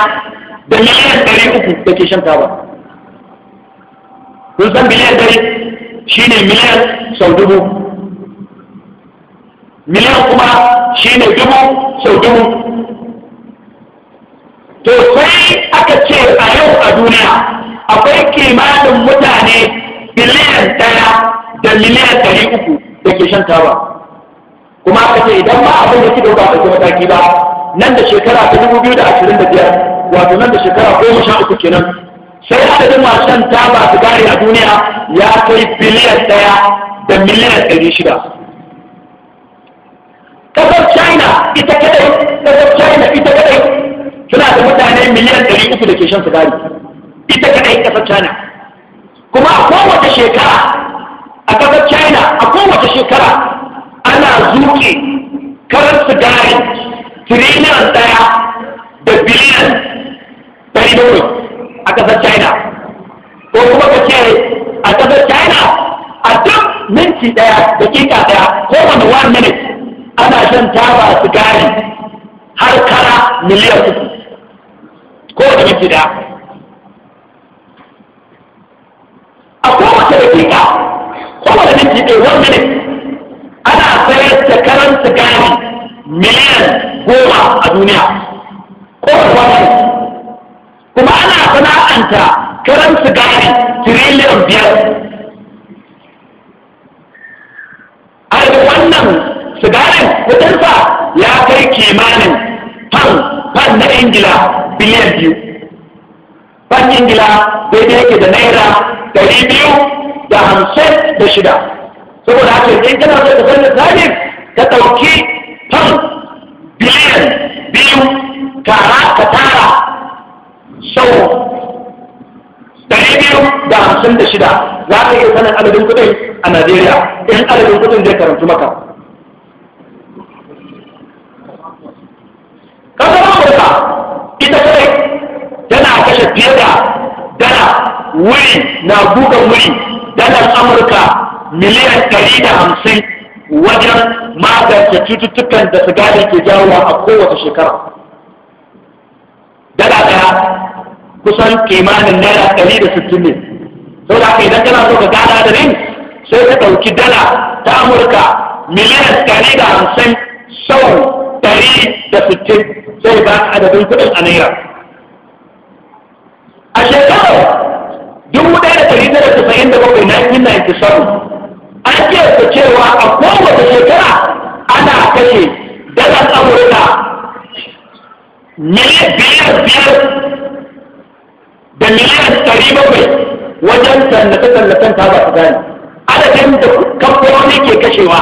[SPEAKER 1] da miliyan ɗari uku da ke shan taba kun san biliyan ɗari shi ne miliyan sau dubu miliyan kuma ne dubu sau dubu to sai aka ce a yau a duniya akwai kimanin mutane biliyan ɗaya da miliyan ɗari uku da ke shan taba
[SPEAKER 2] kuma aka ce idan ba abin da kika ba ɗauki mataki ba
[SPEAKER 1] nan da shekara ta dubu biyu da ashirin da biyar wato nan da shekara goma sha uku kenan sai adadin masu shan taba su gare a duniya ya kai biliyan ɗaya da miliyan ɗari shida kasar china ita kadai kasar china ita kadai suna da mutane miliyan ɗari uku da ke shan sigari ita kaɗai ƙasar china kuma a kowace shekara a ƙasar china a kowace shekara ana zuke karar sigari tiriliyan ɗaya da biliyan ɗari bakwai a ƙasar china ko kuma ka ce a ƙasar china a duk minti ɗaya dakika ɗaya kowane one minute ana shan taba sigari har kara miliyan uku Ko kowace minti da a kowace dakika da minti ɗaya wanda ne ana sayar da karan sigari miliyan goma a duniya ko wani kuma ana sana'anta karan sigari tiriliyan biyar
[SPEAKER 2] adadin wannan sigarin kudinsa
[SPEAKER 1] ya kai kimanin fan fan na ingila biliyan biyu ban ingila daidai yake da naira ɗari biyu da hamsin da shida saboda haka in kana so ka sanin zalim ka ɗauki ton biliyan biyu tara ka tara sau ɗari biyu da hamsin da shida za ka iya sanin adadin kuɗin a najeriya in adadin kuɗin zai karantu maka kasar amurka ita kawai tana kashe fiye da dala wuri na buga wuri dalar amurka miliyan ɗari da hamsin wajen magance cututtukan da sigari ke jawowa a kowace shekara dala ɗaya kusan kimanin naira ɗari da sittin ne sau da aka idan kana so ka gada da rin sai ka ɗauki dala ta amurka miliyan ɗari da hamsin sau ɗari da sittin sai ba adadin kuɗin a naira a shekarar dubu ɗaya da ɗari tara tasa'in da bakwai ninety seven an kiyasta cewa a kowace shekara ana kashe dalar amurka miliyan biyar biyar da miliyan ɗari bakwai wajen tallace-tallacen taba su gani adadin da kamfanoni ke kashewa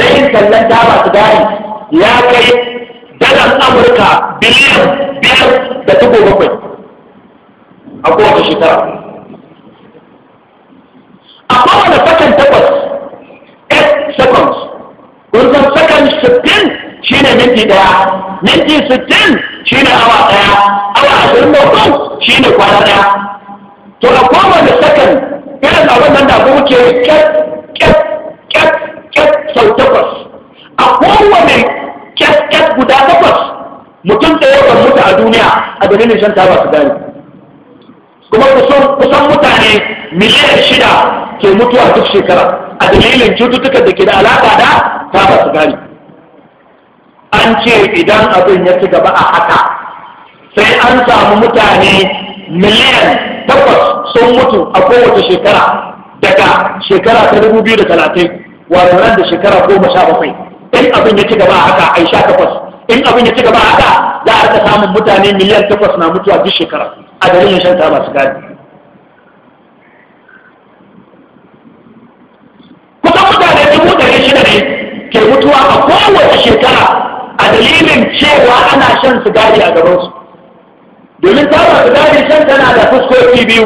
[SPEAKER 1] na yin tallan taba su gani ya kai dalar amurka biliyan biyar da dubu bakwai a kowace shekara a kowane sakan takwas 8 seconds kun san sittin shi ne minti daya minti sittin shi ne awa daya awa ashirin da hudu ne kwana daya to a kowane sakan irin abin nan da wuce kyat kyat kyat kyat sau takwas a kowane Kyakkyak guda takwas mutum da yawan mutu a duniya a dalilin shan taba su gani kuma kusan mutane miliyan shida ke mutuwa duk shekara a dalilin cututtuka da ke da alaƙa da taba su gani an ce idan abin ya ci gaba a haka sai an samu mutane miliyan takwas sun mutu a kowace shekara daga shekara ta dubu biyu da talatin wato ran da shekara goma sha bakwai in abin ya ci gaba haka a sha takwas in abin ya ci gaba haka za a rika samun mutane miliyan takwas na mutuwa duk shekara a dalilin shan taba su gadi kusan mutane dubu ɗari shida ne ke mutuwa a
[SPEAKER 2] kowace shekara a
[SPEAKER 1] dalilin cewa ana shan sigari a su domin taba sigari shan tana da fuskoki biyu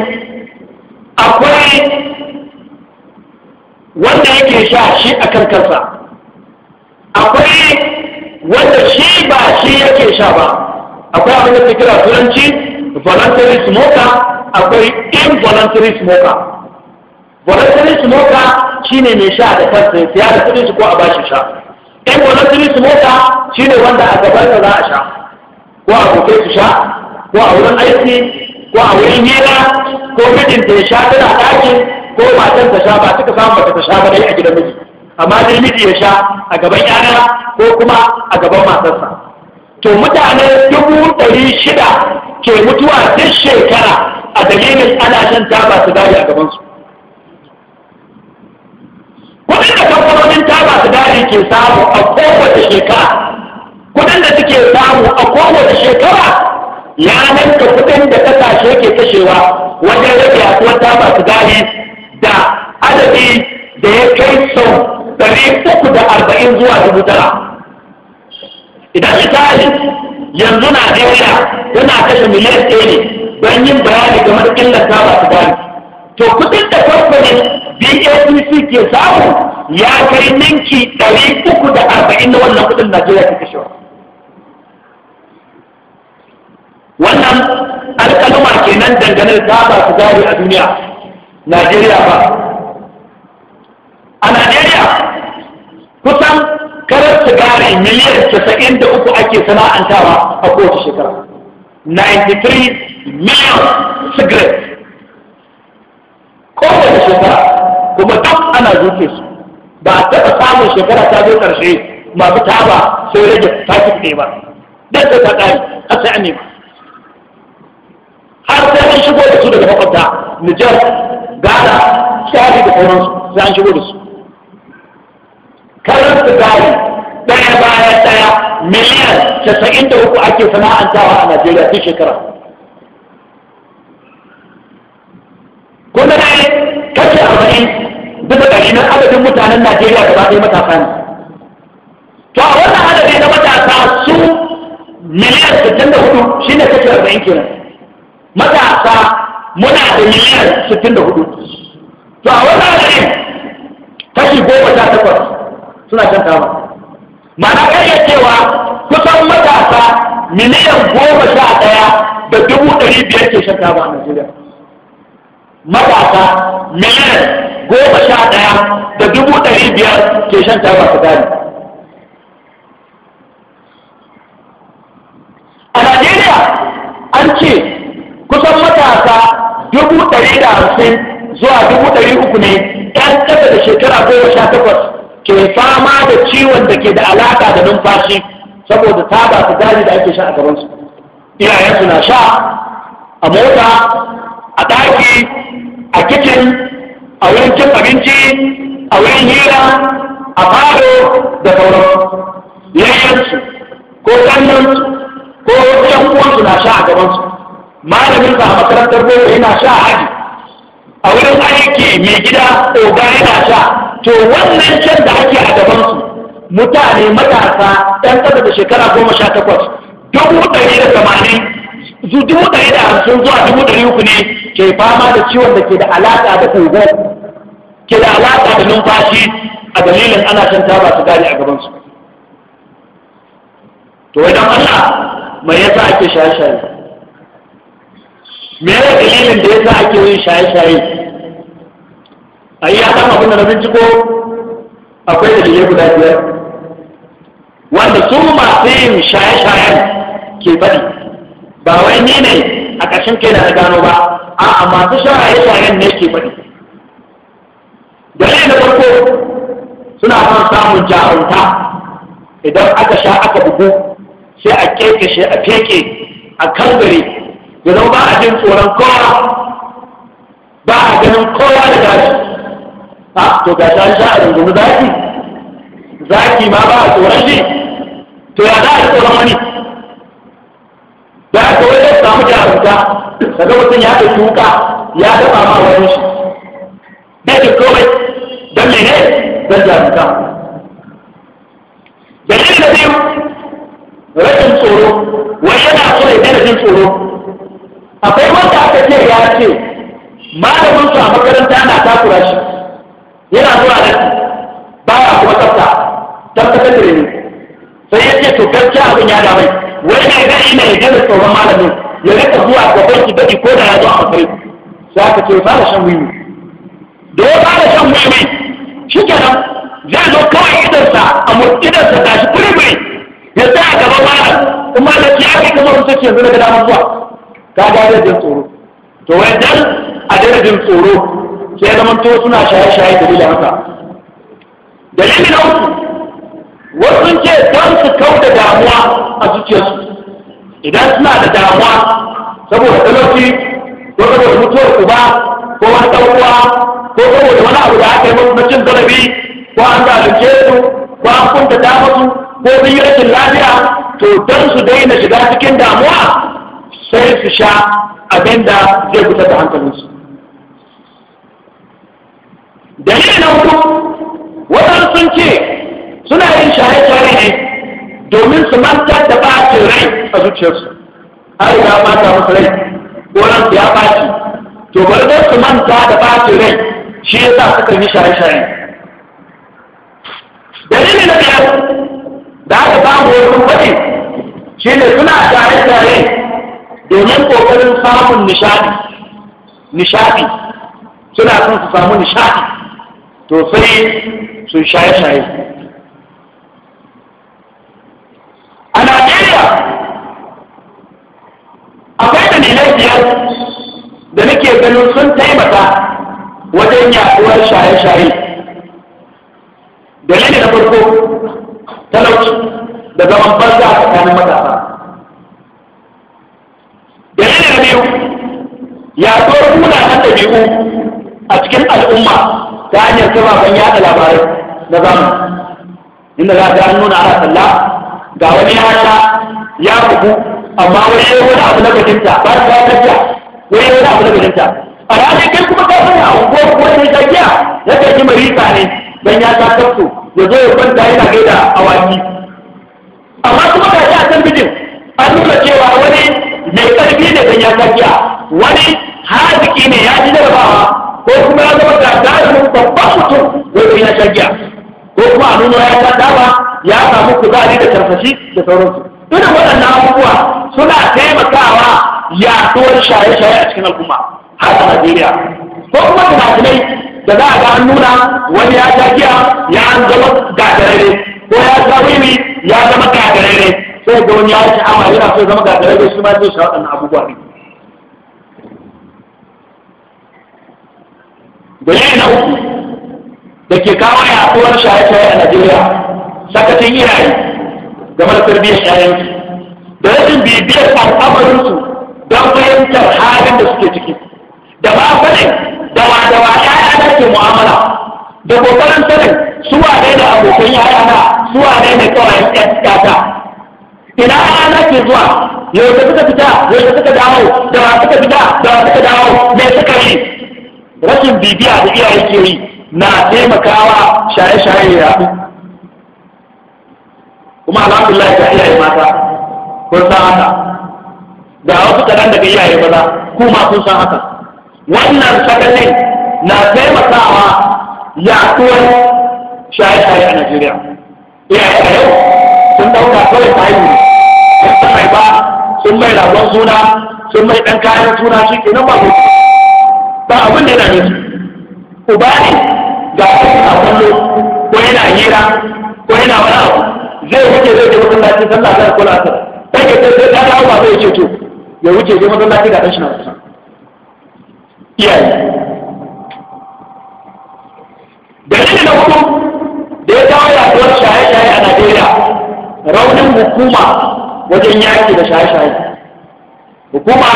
[SPEAKER 1] akwai wanda yake sha shi a kan kansa akwai wanda shi ba shi yake sha ba akwai abin da kira turanci voluntary smoker akwai involuntary smoker voluntary smoker shine mai sha da kansa ya da kudin shi ko a bashi sha involuntary smoker shine wanda a gaban ka za a sha ko a abokai su sha ko a wurin aiki ko a wurin hira ko mijinta ya sha tana ɗakin ko matan ta sha ba suka samu ba ta sha ba dai a gidan miji amma dai miji ya sha a gaban yana ko kuma a gaban matarsa to mutane dubu ɗari shida ke mutuwa duk shekara a dalilin ana shan taba su dare a gabansu kudin da kamfanonin taba su dare ke samu a kowace shekara kudin da suke samu a kowace shekara ya nanka kudin da ƙasashe ke kashewa wajen rage yaduwar taba su dare da adadi da ya kai sau Dari uku da arba'in zuwa dubu tara idan misali yanzu na duniya yana kashe miliyan ɗaya ne don yin bayani game da illar ba su bani to kuɗin da kamfanin BACC ke samu ya kai ninki dari uku da arba'in na wannan kuɗin Najeriya ta kashe wannan alƙaluma kenan dangane da ba su a duniya Najeriya ba a najeriya kusan karar sigari miliyan casa'in da uku ake sana'antawa a kowace shekara 93 miliyan cigarettes kowace shekara kuma duk ana zuke su ba a taɓa samun shekara ta zo ƙarshe masu taba sai rage takin ne ba dan sai ta ƙari a sai an nema har sai an shigo da su daga makwabta nijar ghana shari da sauransu sai an shigo da su gari ɗaya baya ɗaya miliyan casa'in da uku ake sana'antawa a najeriya tun shekara kuma na yi kashe arba'in duka ɗari na adadin mutanen najeriya da ta yi matasa ne to a wannan adadi na matasa su miliyan sittin da hudu shi ne kashe arba'in kenan matasa muna da miliyan sittin da hudu to a wannan adadi kashi goma ta takwas suna shan taba ma'ana kar ya cewa kusan matasa miliyan goma sha ɗaya da dubu ɗari biyar ke shan taba a Najeriya matasa miliyan goma sha ɗaya da dubu ɗari biyar ke shan taba a gane a Najeriya an ce kusan matasa dubu ɗari da hamsin zuwa dubu ɗari uku ne 'yan ƙasa da shekara goma sha takwas ke fama da ciwon da ke da alaka da numfashi saboda taba su gari da ake sha a gabansu iyayensu na sha a mota a ɗaki a kicin a wurin cin abinci a wurin hira a faro da sauran yayyansu ko ɗanyensu ko yan uwansu na sha a gabansu malamin sa a makarantar boko yana sha a aji a wurin aiki mai gida oga yana sha to wannan can da ake a gabansu mutane matasa ɗan ƙasa da shekara goma sha takwas dubu ɗari da tamanin dubu ɗari da hamsin zuwa dubu ɗari uku ne ke fama da ciwon da ke da alaƙa da kogo ke da alaƙa da numfashi a dalilin ana shan taba su gane a gabansu to wajen Allah mai yasa ake shaye-shaye me dalilin da yasa ake yin shaye-shaye ai ya san abin da na binciko akwai dalilai guda biyar wanda su masu yin shaye-shayen ke faɗi ba wai ni ne a ƙarshen kai na gano ba a'a masu shaye-shayen ne ke faɗi dalilin na farko suna son samun jarumta idan aka sha aka bugu sai a kekeshe a feke a kangare da ba a jin tsoron kowa ba a ganin kowa da gashi A to ga ta sha a rungumi zaki zaki ma ba a tsoron shi to ya za a tsoron wani da a wani ya samu jarumta daga mutum ya ɗauki wuka ya dafa ma wani shi ke komai don mene don jarumta dalilin da biyu rashin tsoro wani yana so ya daina rashin tsoro akwai wanda aka ce ya ce malamin su a makaranta na takura shi yana zuwa da ya kuma tsafta tabbatar da ne sai ya ce to gaskiya abin ya da mai wani ne ga ina ya gane tsoron malamin ya rika zuwa ga banki baki ko da ya zo a masarai sai aka ce da shan wuyi da ya da shan wiwi shi kenan zai zo kawai idarsa a idarsa gashi kuribiri ya sa a gaban malam kuma da ya kai kuma su ce yanzu daga ga damar zuwa ka ga da tsoro to wai a daina tsoro sai zama to suna shaye-shaye dila haka dalilin na uku wasu ce don su kau da damuwa a zuciyarsu idan suna da damuwa saboda talauci ko saboda mutuwar uba ko wani ɗauwa ko saboda wani abu da aka yi masu na cin zarafi ko an zalunce su ko an ta musu ko sun yi rashin lafiya to don su daina shiga cikin damuwa sai su sha abinda zai fitar da hankalinsu Da na hudu wadanda sun ce suna yin shaye-shaye ne domin su manta da bacin rai a zuciyarsu har ya mata musu rai gonan ya baci
[SPEAKER 2] to bari su manta da bacin
[SPEAKER 1] rai shi yasa suka yi shaye-shaye dalilin na biyar da aka samu wani kuɗi shi ne suna shaye-shaye domin ƙoƙarin samun nishadi nishaɗi suna son su samu nishaɗi to sun su shaye-shaye a najeriya akwai dalilai biyar da nake ganin sun taimaka wajen yaduwar shaye-shaye dalili na farko talauci da zaman banza a tsakanin matasa dalili na biyu yaduwar munanan ɗabi'u a cikin al'umma ta hanyar kafafen yada labarai na zamu. inda za ta nuna ala salla ga wani hana ya bugu amma wani ya wani abu na bajinta ba ta gajiya wani ya wani abu na bajinta a ranar kai kuma ka sani a kuma ta yi gajiya ya ta ji marisa ne don ya ta kafsu ya zo ya kwanta yana gaida awaki amma kuma ka ji a kan bijin an nuna cewa wani mai ƙarfi ne don ya ta wani haziki ne ya ji jarabawa ko kuma ya zama gagarumin babban mutum wanda ya shan giya ko kuma a nuna ya ta dama ya samu kuzari da karfashi da sauransu irin waɗannan abubuwa suna taimakawa yaɗuwar shaye-shaye a cikin al'umma har da Najeriya ko kuma tunatunai da za a ga an nuna wani ya shagiya ya an zama gagarare ko ya zama yi ya zama gagarare sai ga wani ya amma yana so zama gagarare shi ma zai shawarar waɗannan abubuwa ne dalili na uku da ke kawo yaduwar shaye-shaye a najeriya sakacin iyaye game da tarbiyyar yayansu da rashin bibiyar al'amarinsu don fahimtar halin da suke ciki da ba sanin dawa dawa yaya da ke mu'amala da kokarin sanin suwa ne da abokan yaya na suwa ne ne kawai yan ina ana ke zuwa yau da suka fita yau da suka dawo da suka fita da suka dawo me suka yi rashin bibiya da iyaye ke yi na taimakawa shaye-shaye ya yaɗu kuma alhamdulillah ga iyaye mata kun san haka ga wasu kaɗan daga iyaye maza kuma kun san haka wannan sakane na taimakawa yaɗuwar shaye-shaye a najeriya iyaye a yau sun ɗauka kawai ta haihu ne ba sun mai ragon suna sun mai ɗan kayan suna shi ke nan ba ba abin da yana nufi ba ne ga wani a kwallo ko yana hira ko yana wani abu zai wuce zai je masallaci sallah zai kula ta sai ke sai sai ta ba zai ceto ya wuce je masallaci ga ɗan shi na kusa iyaye dalilin na hudu da ya kawo yaduwar shaye-shaye a najeriya raunin hukuma wajen yaki da shaye-shaye hukuma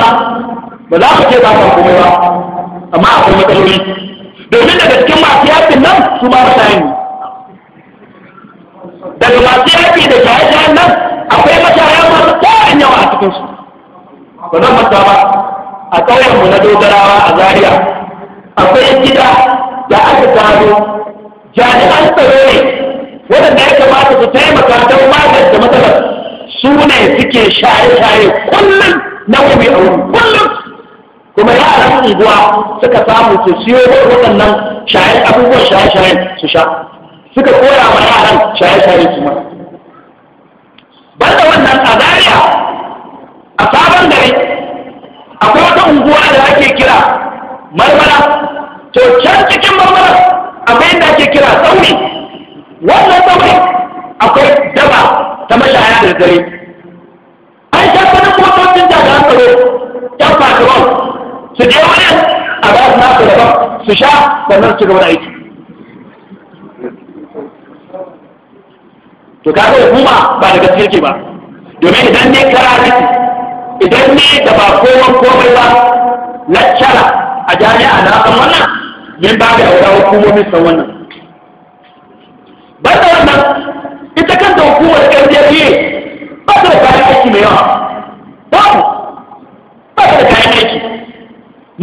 [SPEAKER 1] ba za ku ce ku komai ba amma akwai matsaloli domin daga cikin masu yakin nan su ma mata yi daga masu yaki da shaye-shayen nan akwai mashaya masu tarin yawa a cikinsu ba nan manta ba a ƙauyenmu na dogarawa a Zariya akwai gida da aka gano jami'an tsaro ne waɗanda ya kamata su taimaka don magance matsalar su ne suke shaye-shaye kullum na wuri a wuri kullum kuma yaran unguwa suka samu su siyo nan shayar abubuwan shaye shayar su sha suka koya wa yaran shaye-shaye su ma banda wannan a Zariya, a sabon gari akwai wata unguwa da ake kira marmara to can cikin marmara akwai inda ake kira sauri wannan sauri akwai daba ta mashaya da dare an shafa na motocin da za tsaro ta fatirol su je wani a ba su nasu daban su sha sannan su gaba wani aiki to ka ga hukuma ba da gaskiya ke ba domin idan ne karatu idan ne da ba kowa komai ba lakcara a jami'a na san wannan min ba da wata hukumomin san wannan ban da wannan ita kanta hukumar ƙarfiya ba da kayan aiki mai yawa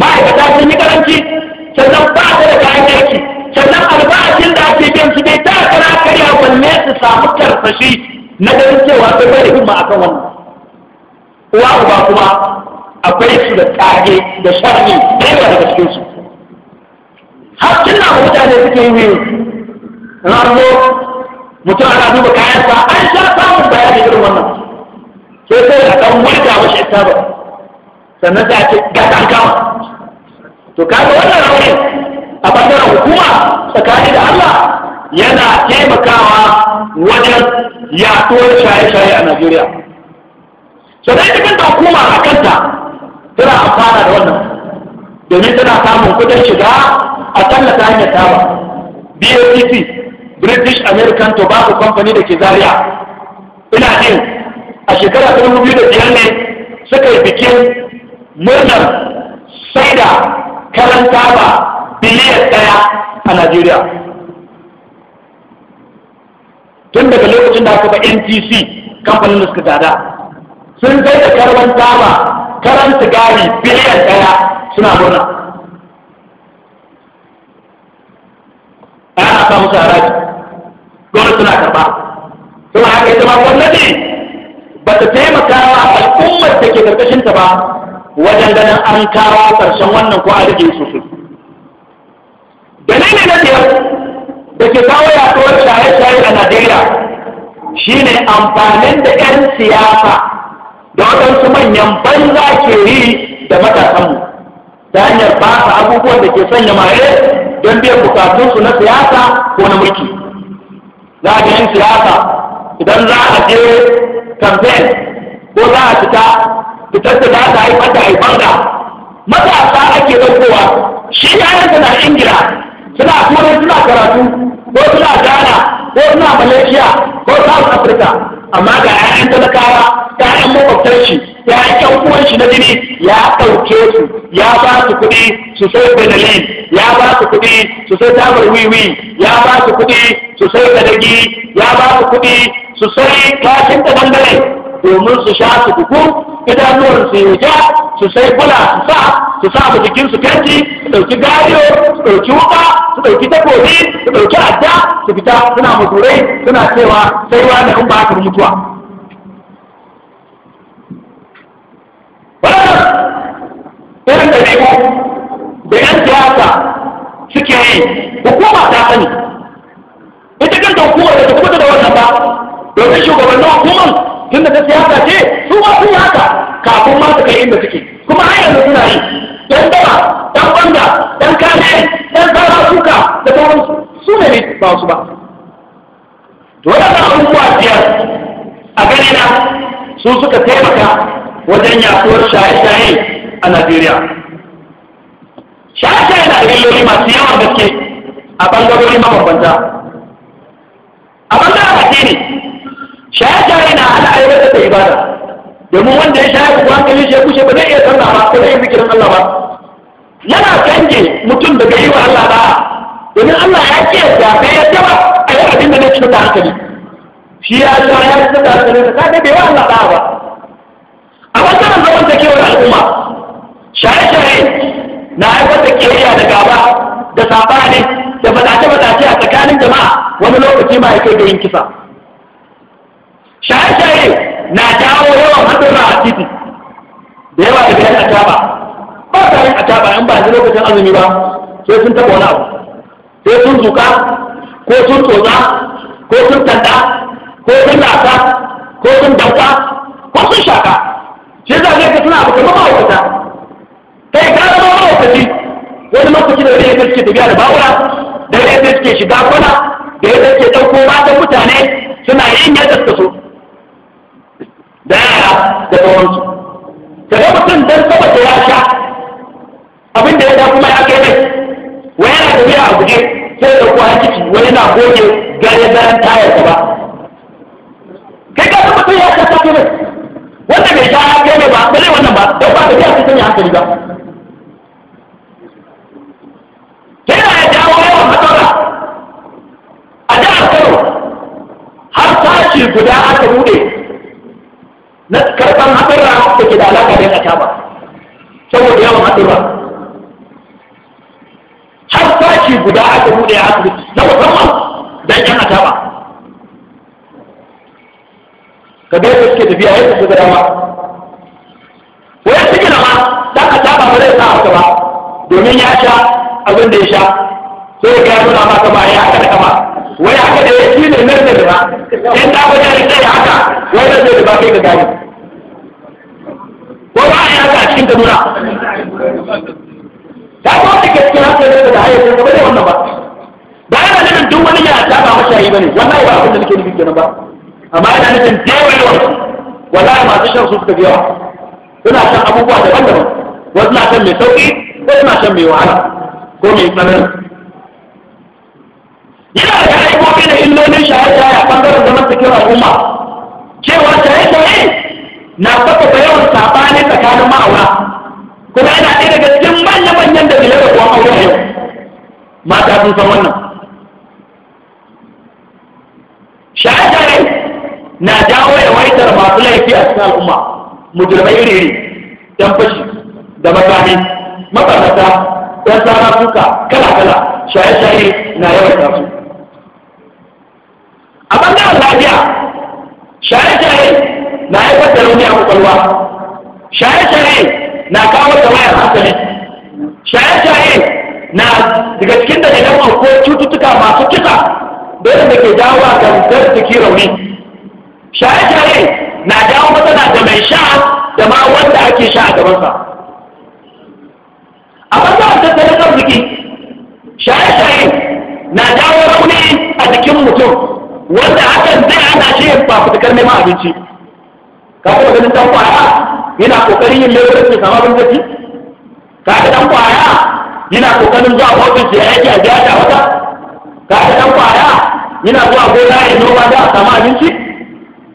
[SPEAKER 1] ma'aikata sun yi karanci sannan ba su da kayan aiki sannan albashin da ake biyan su bai ta kara karya wanne su samu karfashi na ganin cewa sai bai da himma akan wannan uwa uba kuma akwai su da tsage da sharri da yawa daga cikin su har kina mutane suke yi rarro mutum ana duba kayansa an sha samun bayani irin wannan sai sai a ɗan wurga mashi ita ba sannan sai a ce ga ɗan kawo to kaga wannan rauni a bangaren hukuma tsakani da Allah yana taimakawa wajen yatsuwar shaye-shaye a Najeriya sannan ita kanta
[SPEAKER 2] hukuma a kanta
[SPEAKER 1] tana amfana da wannan domin tana samun kudin shiga a tallata hanyar tawa. BOTP British American Tobacco Company da ke Zariya ina jin a shekara ta 2005 ne suka yi bikin murnar saida karan taba biliyan ɗaya a najeriya tun daga lokacin da aka ba ntc kamfanin da suka dada sun zai da karanta taba karan sigari biliyan ɗaya suna murna ana samu haraji gwamnati suna karɓa suna haka ita ma gwamnati ba ta taimaka a al'ummar da ke karkashinta ba wajen ganin an kawo ƙarshen wannan ko a rikin su su dalili na biyar da ke kawo yaduwar shaye-shaye a najeriya shine amfanin da 'yan siyasa da waɗansu manyan banza ke yi da matasanmu ta hanyar ba su abubuwan da ke sanya mare don biyan bukatunsu na siyasa ko na mulki za a siyasa idan za a je kamfen ko za a fita fitar da za ta haifar da haifar da matasa ake ɗaukowa shi yayansa na ingila suna turai suna karatu ko suna ghana ko suna malaysia ko south africa amma ga 'ya'yan talakawa 'ya'yan makwabtar shi 'ya'yan uwan shi na jini ya ɗauke su ya ba su kuɗi su sai benin ya ba su kuɗi su sai tabar wiwi ya ba su kuɗi su sai gadagi ya ba su kuɗi su sai kashin ta bangare domin su sha su bugu idanuwan su yi ja su sai kula su sa su sa su jikin su kanti su ɗauki gariyo su ɗauki wuka su ɗauki takobi su ɗauki adda su fita suna muturai suna cewa sai wa da ba ka mutuwa irin da da yan siyasa suke yi hukuma ta sani ita kanta hukumar da ta kuma da wannan ba domin shugabannin hukumar tunda ta siyasa ce su ma sun haka kafin ma su kai inda suke kuma har yanzu suna yi dan daba dan banga dan kane dan tsara suka da sauransu su ne ba su ba to waɗannan abubuwa biyar a ganina su suka taimaka wajen yatsuwar shaye-shaye a Najeriya shaye-shaye na illoli masu yawan gaske a bangarori mabambanta a ɓangaren ne. shaye-shaye na hana aiwatar da ibada domin wanda ya shaye kuma hankalin shi ya kushe ba zai iya sallah ba ko zai yi zikirin Allah ba yana canje mutum daga yi wa Allah ba domin Allah ya ce ya kai ya taba a yi abin da zai cuta hankali shi ya sha ya cuta ta ka ga bai wa Allah ba ba a wannan zaman da kewar al'umma shaye-shaye na aiwatar da kiyayya da gaba da sabani da fadace-fadace a tsakanin jama'a wani lokaci ma ya kai ga yin kisa shaye-shaye na jawo yawan hannun a titi da yawa da gidan ataba ba sa yin ataba in ba a lokacin azumi ba sai sun taɓa wani abu sai sun zuka ko sun tsotsa ko sun tanda ko sun lasa ko sun dauka ko sun shaka shi za ka suna abu kamar ma'aikata kai ka zama ma'aikaci wani lokaci da zai suke tafiya da ba'ura da zai suke shiga kwana da zai suke ɗauko ta mutane suna yin yadda suka so da yara da sauransu kaga mutum dan da ya sha abin da ya da kuma ya kai mai wai yana biya a guje sai da kuwa ciki wani na goge gare daren tayar ba kai ka mutum ya sha ta kai mai wanda bai sha ya kai mai ba ba wannan ba dan ba da biya sai sanya hankali ba ya yawan a har tashi guda aka bude na karban haɗarra da ke da alaƙa da ƙasa ba saboda yawan haɗarra har sashi guda aka buɗe a asibiti na musamman don yan ba ka ga yadda suke tafiya yadda suke dama wani suke nama dan saba ba zai sa a ba domin ya sha abin da ya sha sai ga ya nuna masa ba ya haka da kama wai haka da ya shi ne nan da ba in ta wajen da ya haka wai da zai da ba kai ka gani cikin kaduna ta ko da ke cikin hankali da hayyacin ko bai wannan ba ba yana nufin duk wani ya ta ba mashayi bane wallahi ba abin da nake nufi kenan ba amma yana nufin dewayewar wallahi masu shan su suka biya suna shan abubuwa daban-daban wasu na shan mai sauki wasu na shan mai wahala ko mai tsanani yana da aikoki da illolin shaye-shaye a ɓangaren zaman tafiyar al'umma cewa shaye-shaye na saba yawan sabani tsakanin ma'aura kuma yana ɗaya daga cikin manya manyan da bilai da kuwa aure yau mata sun san wannan shaye-shaye na jawo yawaitar masu laifi a cikin al'umma mujirmai iri iri fashi da makami mafarnata yan sama suka kala-kala shaye-shaye na yawaita su a bangaren lafiya shaye-shaye na haifar da rauni a kwakwalwa shaye-shaye na kawo da wayar hankali shaye-shaye na daga cikin dalilan ko cututtuka masu kisa da ke ga a gangar jiki rauni shaye-shaye na dawo matsala da mai sha da ma wanda ake sha a gabansa a ɓangaren tattalin arziki shaye-shaye na dawo rauni a jikin mutum wanda hakan zai ana shi fafutukar neman abinci ka kuma ganin dan kwaya yana kokarin yin leburanci sama abin gaci ka ga dan kwaya yana kokarin zuwa ofis ya yake a jiya da wata ka ga dan kwaya yana zuwa gona ya noma da sama abinci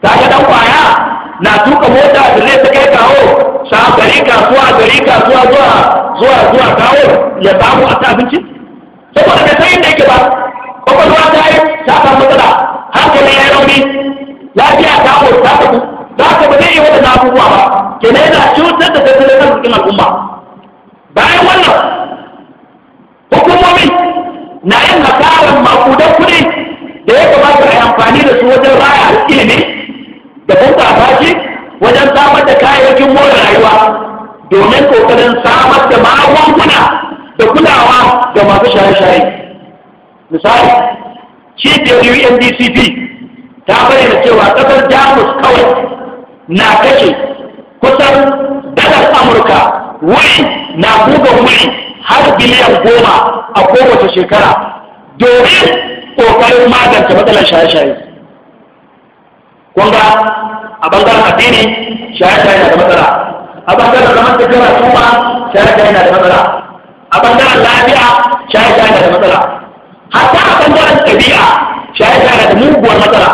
[SPEAKER 1] ka ga dan kwaya na tuka mota da zai ta kai kawo sa gari kasuwa gari kasuwa zuwa zuwa zuwa kawo ya samu a ta abinci saboda da sayin da yake ba kwakwalwa ta yi
[SPEAKER 2] ta samu matsala hankali ya yi rauni
[SPEAKER 1] lafiya ta ta tafi da aka ba zai yi waɗannan abubuwa ba na yana cutar da tattalin arzikin al'umma bayan wannan hukumomi na yin hakarar makudan kuɗi da ya kamata a yi amfani da su wajen raya ilimi da bunƙasa shi wajen samar da kayayyakin more rayuwa domin kokarin samar da magunguna da kulawa ga masu shaye-shaye misali cibiyar UNDCP ta bayyana cewa ƙasar jamus kawai na kake kusan dalar amurka wuri na buga wuri har biliyan goma a kowace shekara domin ƙoƙarin magance matsalar shaye-shaye kunga a bangaren addini shaye-shaye na da matsala a bangaren zaman tafiya kuma shaye-shaye na da matsala a bangaren lafiya shaye-shaye na da matsala hatta a bangaren ɗabi'a shaye-shaye na da muguwar matsala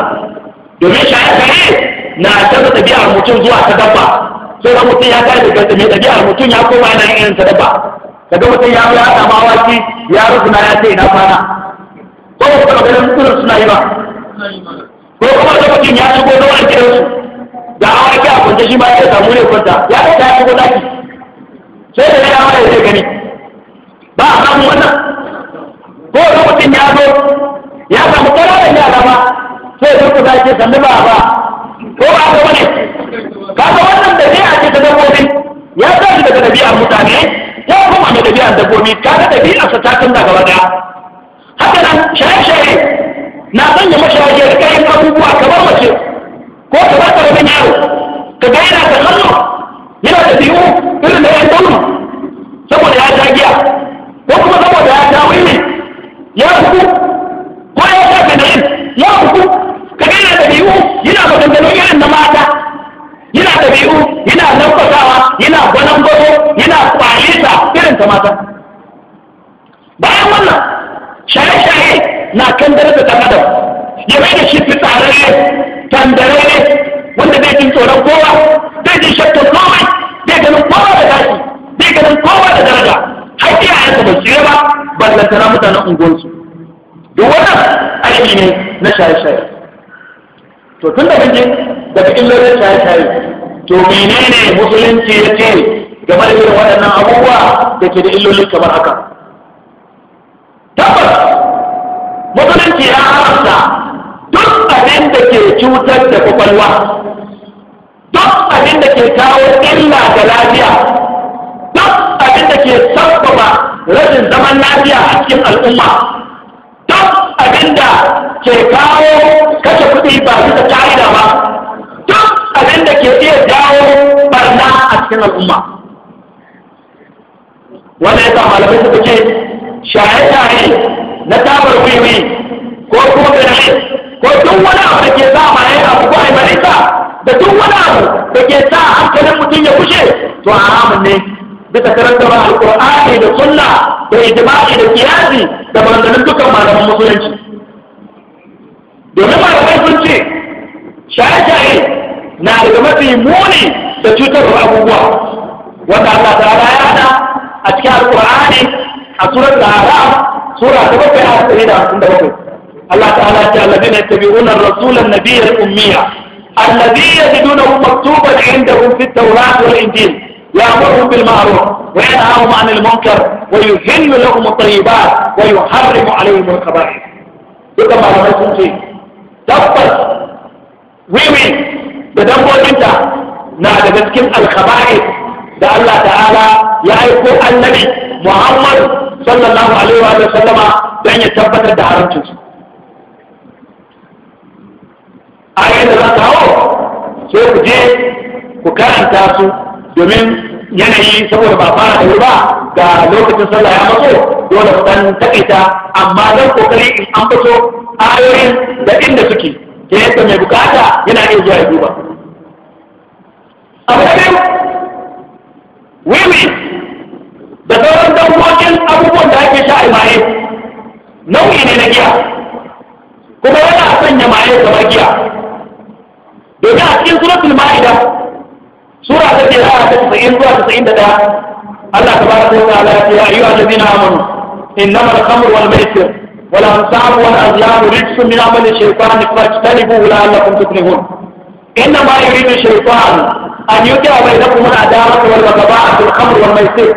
[SPEAKER 1] domin shaye-shaye na canza ɗabi'ar mutum zuwa ta dabba sai ran mutum ya kai daga ta mai ɗabi'ar mutum ya koma yana yin irin ta dabba kaga mutum ya ya samu awaki ya na ya ce ina kwana ko ba ka ganin irin suna yi ba ko kuma lokacin ya shigo na wani kiransu da awaki a kwanta shi ma ya samu ne kwanta ya ta shigo daki sai da ya ma ya zai gani ba a samu wannan ko lokacin ya zo ya samu ƙananan yara ba sai ya zo ku dace sannu ba ba ko ba ko bane kaga wannan da bi'a ce ta dabbobi ya tashi daga dabi'ar mutane ya kuma da dabi'ar dabbobi kaga dabi'ar sa ta canza gaba daya haka nan shaye-shaye na sanya mashaya da kayan abubuwa kamar mace ko kamar karamin yaro ka ga yana ta kallo yana da biyu irin da ya taunu saboda ya sha giya ko kuma saboda ya sha wiwi ya huku ko ya ta kanayin ya huku maganganu irin na mata yana ɗabi'u yana laukatawa yana gwanon-gwazo yana kwaleta irin ta mata bayan wannan shaye-shaye na kan da ta adam ya bai da shi fitsararre tandararre wanda zai jin tsoron kowa zai jin shakkar komai zai ganin kowa da tashi zai ganin kowa da daraja har iyayensa ba su ba ballantana mutanen unguwarsu duk wannan aiki ne na shaye-shaye to tun da kake daga illolin shaye-shaye to menene musulunci ya ce game da irin waɗannan abubuwa da ke da illolin kamar haka tabbas musulunci ya haramta duk abin da ke cutar da kwakwalwa duk abin da ke kawo illa da lafiya duk abin da ke sabbaba rashin zaman lafiya a cikin al'umma abinda ke kawo kashe kuɗi ba su da ka'ida ba duk abinda ke iya jawo barna a cikin al'umma wanda ya malamai su kuke shaye-shaye na tabar wiwi ko kuma ko duk wani abu da ke sa maye abu ko aimarisa da duk wani abu da ke sa hankalin mutum ya kushe to haramun ne bisa ba alkur'ani da sunna da ijma'i da kiyasi da maganganun dukkan malaman musulunci domin malamai sun ce shaye-shaye na daga mafi muni da cutarwar abubuwa wanda Allah ta ya hada a cikin Alƙur'ani a surar da sura ta bakwai a tsari da hamsin da bakwai Allah ta'ala ce allazina yattabi'una ar-rasula an-nabiyya al-ummiyya allazi yajidunahu maktuban 'indahum fit-taurati wal-injil يأمرهم بالمعروف وينهاهم عن المنكر ويحل لهم الطيبات ويحرم عليهم الخبائث duka malamai sun ce tabbas wiwi da dabbobinta na daga cikin alkhaba'i da Allah ta'ala ya aiko annabi Muhammad sallallahu alaihi wa sallama don ya tabbatar da haramcinsu ayoyin da za ta hau sai ku je ku karanta su domin yanayi saboda ba fara da ba ga lokacin sallah ya matso dole mu dan takaita amma dan kokari in an fito ayoyin da inda suke ke yadda mai bukata yana iya zuwa ya duba abu da wiwi da sauran abubuwan da ake sha maye
[SPEAKER 2] nau'i ne na giya
[SPEAKER 1] kuma yana sanya maye kamar giya domin a cikin suratul ma'ida sura ta ce aya ta tsayin zuwa tsayin da ɗaya Allah ta baraka wa ta'ala ya ce ayyuha allazina amanu innama al-khamru wal maisir wal ansabu wal azlamu rijsun min amali shaytan fajtanibuhu la'allakum tuflihun innama yuridu shaytan an yuqi'a bainakum al-adawata wal baghdha'a fil khamri wal maisir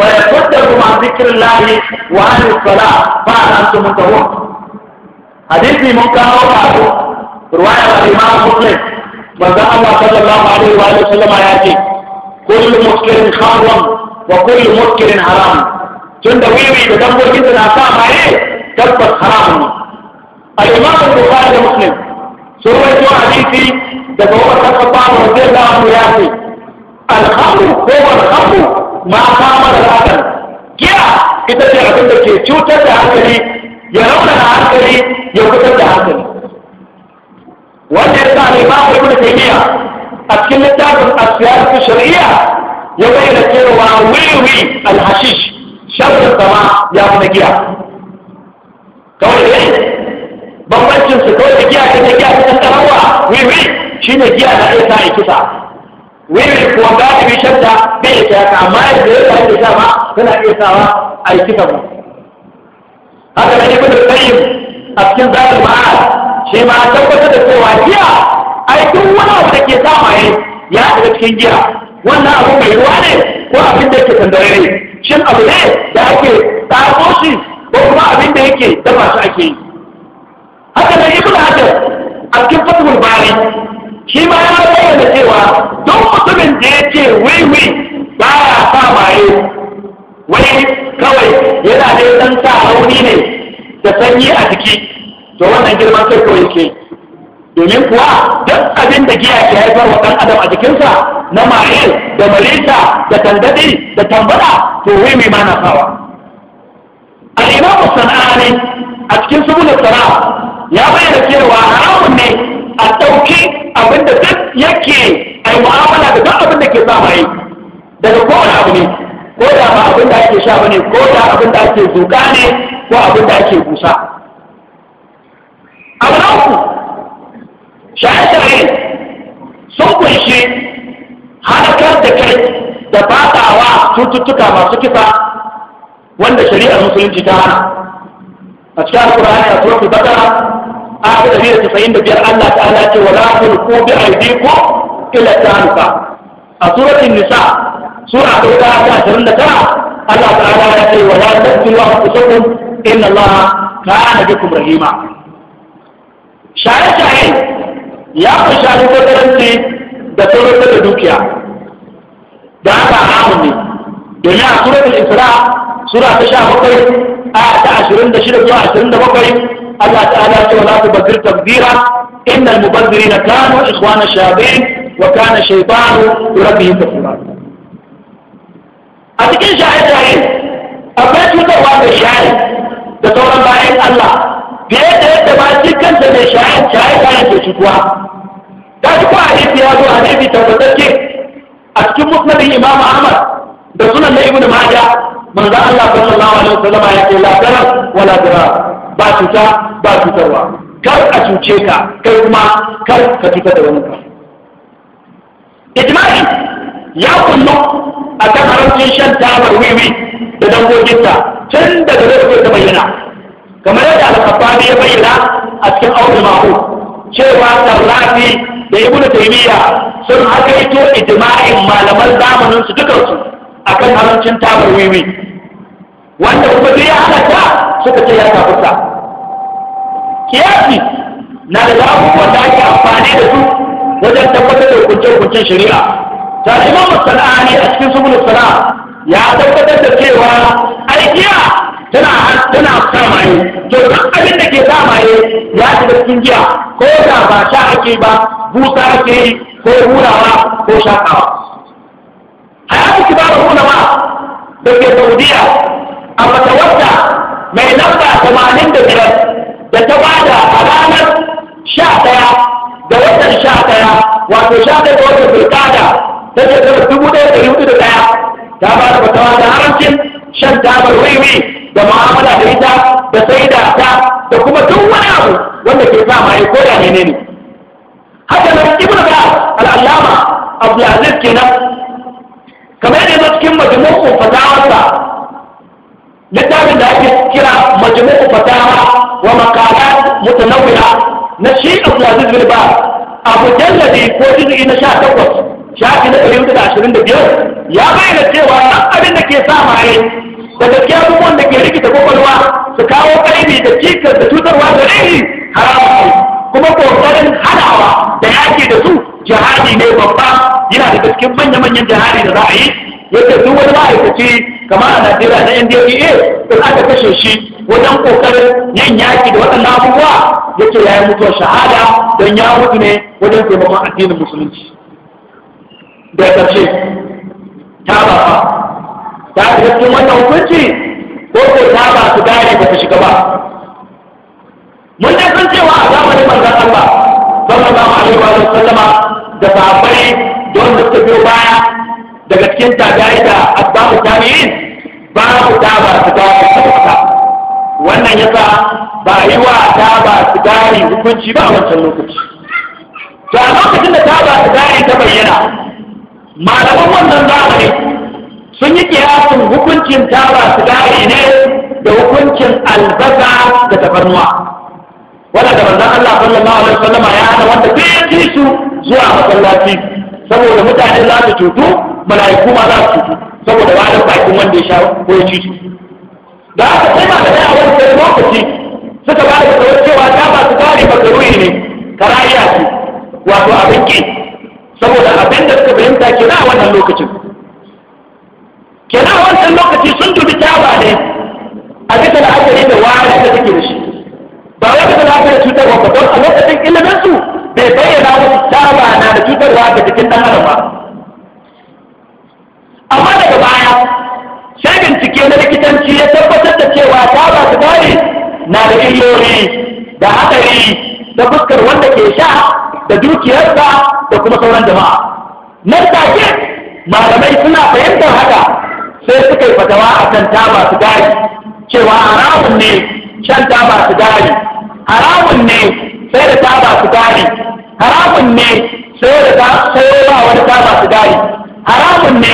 [SPEAKER 1] wa yasuddakum an dhikrillahi wa 'an as-salah fa'al antum muntahun hadisi mun kawo ba ruwaya al-imam muslim manzo Allah sallallahu alaihi wa sallama ya ce kullu muskirin haram wa kullu muskirin haram tunda wiwi da dangogin da na sa maye tabbas haram ne al-imam bukhari da muslim sun rawaito hadisi daga Umar bin Khattab radiyallahu mu ya ce al-khamru ko al-khamru ma kama da hakan giya ita ce abin da ke cutar da hankali ya raunana hankali ya fitar da hankali wanda ya sa ne babu ibn taymiya a cikin littafin asiyar shari'a
[SPEAKER 2] ya bayyana cewa wiwi
[SPEAKER 1] alhashish sharrin sama ya fi giya kawai dai bambancin su kawai da giya da giya ta tsarawa wiwi shine giya da ita a kisa wiwi kuwa galibi shadda
[SPEAKER 2] bai ita yaka amma yadda ya sa ita ma tana iya
[SPEAKER 1] sawa a kisa mu haka ne ibn qayyim a cikin zalim ma'ad shi a tabbatar da cewa jiya ai duk wani abu da ke samaye ya daga cikin giya wannan abu mai ruwa ne ko abin da yake tandare ne shin abu ne da ake tsaro shi ko kuma abin da yake dafa shi ake yi haka da ibn hajar a cikin fatul bari shi ma ya bayyana cewa don mutumin da ya ce wiwi ba ya sa maye wai kawai yana da ɗan sa rauni ne da sanyi a jiki to wannan girman sai kawai ke domin kuwa duk abin da giya ke haifar wa ɗan adam a jikinsa na maye da malita da tandaɗi da tambara to wai mai mana sawa al'imamu sana'ani a cikin subulun sana'a ya bayyana cewa haramun ne a ɗauki abin da duk yake a mu'amala da duk abin da ke sa mai daga kowane abu ne ko da ma abin da ake sha bane ko da abin da ake zuka ne ko abin da ake busa awuraku shaye-shaye sun kunshi harkar da kai da fadawa cututtuka masu kisa wanda shari'a musulunci ta hana a cikin alkur'ani a turafi bakara a da biyar da da biyar allah ta'ala ce wa lafin ko bi ko ila ta ta'aluka a suratin nisa sura ta wuta ta ashirin da tara allah ta'ala ya ce wa la tattu wa kusukum inna hana kana bikum rahima shaye-shaye ya fi shafi kwataranci da sauransa da dukiya da haka haramun ne domin a suratul isra sura ta sha bakwai a ta ashirin da shida zuwa ashirin da bakwai Allah ta'ala ce wa la tubazzir tabzira innal mubazzirina kanu ikhwana shayatin wa kana shaytanu yurabbihim kafura a cikin shaye-shaye
[SPEAKER 2] akwai cutarwa da shaye
[SPEAKER 1] da sauran bayan Allah fiye da yadda ba cikin kanta mai shahar shahar ta yake shigowa ta ci kuma hadisi ya zo hadisi tabbatacce a cikin musnadin Imam ahmad da sunan na ibnu majah manzo Allah sallallahu alaihi wasallam ya ce la darar wala darar ba cuta ba cutarwa kar a cuce ka kai kuma kar ka cutar da wani ka ijma'i ya kullu a kan haramcin shan tabar wiwi da dangoginta tun daga lokacin da bayyana kamar yadda al ya bayyana a cikin aure mahu cewa tarrafi da ibnu taimiyya sun to ijima'in malaman zamanin su dukan su kan harancin tabar wiwi wanda kuma zai halatta suka ce ya kafuta. kiyasi na da zafi wanda ake amfani da su wajen tabbatar da hukunce-hukuncen shari'a ta imamu ne a cikin su subul sana'a ya tabbatar da cewa aikiya tana tana sa maye to duk abin da ke sa maye ya shiga cikin giya ko da ba sha ake ba busa ake yi ko hurawa ko shakawa hayatu kibaru ulama da ke saudiya a fatawarta mai lamba tamanin da biyar da ta bada a ranar sha ɗaya da watan sha ɗaya wato sha ɗaya da watan bulkada ta shekarar dubu ɗaya da yudu da ɗaya ta ba da fatawa da haramcin shan damar wiwi da mu'amala da ita da saida ta da kuma duk wani abu wanda ke sa mai ko da ne ne haka nan ibnu ba al-allama abdulaziz kenan kamar yadda cikin majmu'u fatawarsa littafin da ake kira majmu'u fatawa wa maqalat mutanawwi'a na shi abdulaziz bin ba abu jalladi ko juz'i na sha takwas, shafi na ɗari da da ashirin biyar, ya bayyana cewa abin da ke sa mai da gaskiya abubuwan da ke rikita kwakwalwa su kawo ƙarfi da cikas da cutarwa da rai harawa kuma ƙoƙarin halawa da yaƙi da su jihadi ne babba yana da cikin manya-manyan jihadi da za yadda duk wani ma'aikaci kamar a najeriya na ndpa in aka kashe shi wajen ƙoƙarin yin yaƙi da waɗannan abubuwa yake ya yi mutuwar shahada don ya mutu ne wajen taimakon addinin musulunci da ƙarshe ta ba ta shiga cikin wannan hukunci ko ko ta ba su gane ba su shiga ba mun da san cewa a zamanin manzon Allah
[SPEAKER 2] sallallahu alaihi wa
[SPEAKER 1] zama, da sahabbai don da suka biyo baya daga cikin tabi'ai da asbabu tabi'in mu ta ba su gane ba su shiga wannan yasa ba yi wa ta ba su gane hukunci ba a wancan lokaci to a lokacin da ta ba su gane ta bayyana malaman wannan zamani sun yi kiyasin hukuncin taba su ne da hukuncin albasa da tafarnuwa wanda da manzon Allah sallallahu alaihi wasallam ya hana wanda ke yi su zuwa masallaci saboda mutane za su cutu malaiku ma za su cutu saboda ba da bakin wanda ya sha ko ya ci su da aka sai ma da yawa wani lokaci suka ba da tsawon cewa ta ba su kare makaruri ne karaya ce wato abin ki saboda abin da suka fahimta ke na wannan lokacin kenan a wancan lokaci sun dubi taba ne a bisa la'akari da wani, da suke da shi ba
[SPEAKER 2] wai bisa la'akari
[SPEAKER 1] cutarwa ba don a lokacin ilimin su bai bayyana wasu taba na da cutarwa da jikin ɗan adam ba amma daga baya sai bincike na likitanci ya tabbatar da cewa taba su bari na da illoli da hatsari da fuskar wanda ke sha da dukiyarsa da kuma sauran jama'a nan take malamai suna fahimtar haka sai suka yi fatawa a kan taba gari. cewa haramun ne shan taba gari. haramun ne sai da taba gari. haramun ne sai da ba wani taba gari. haramun ne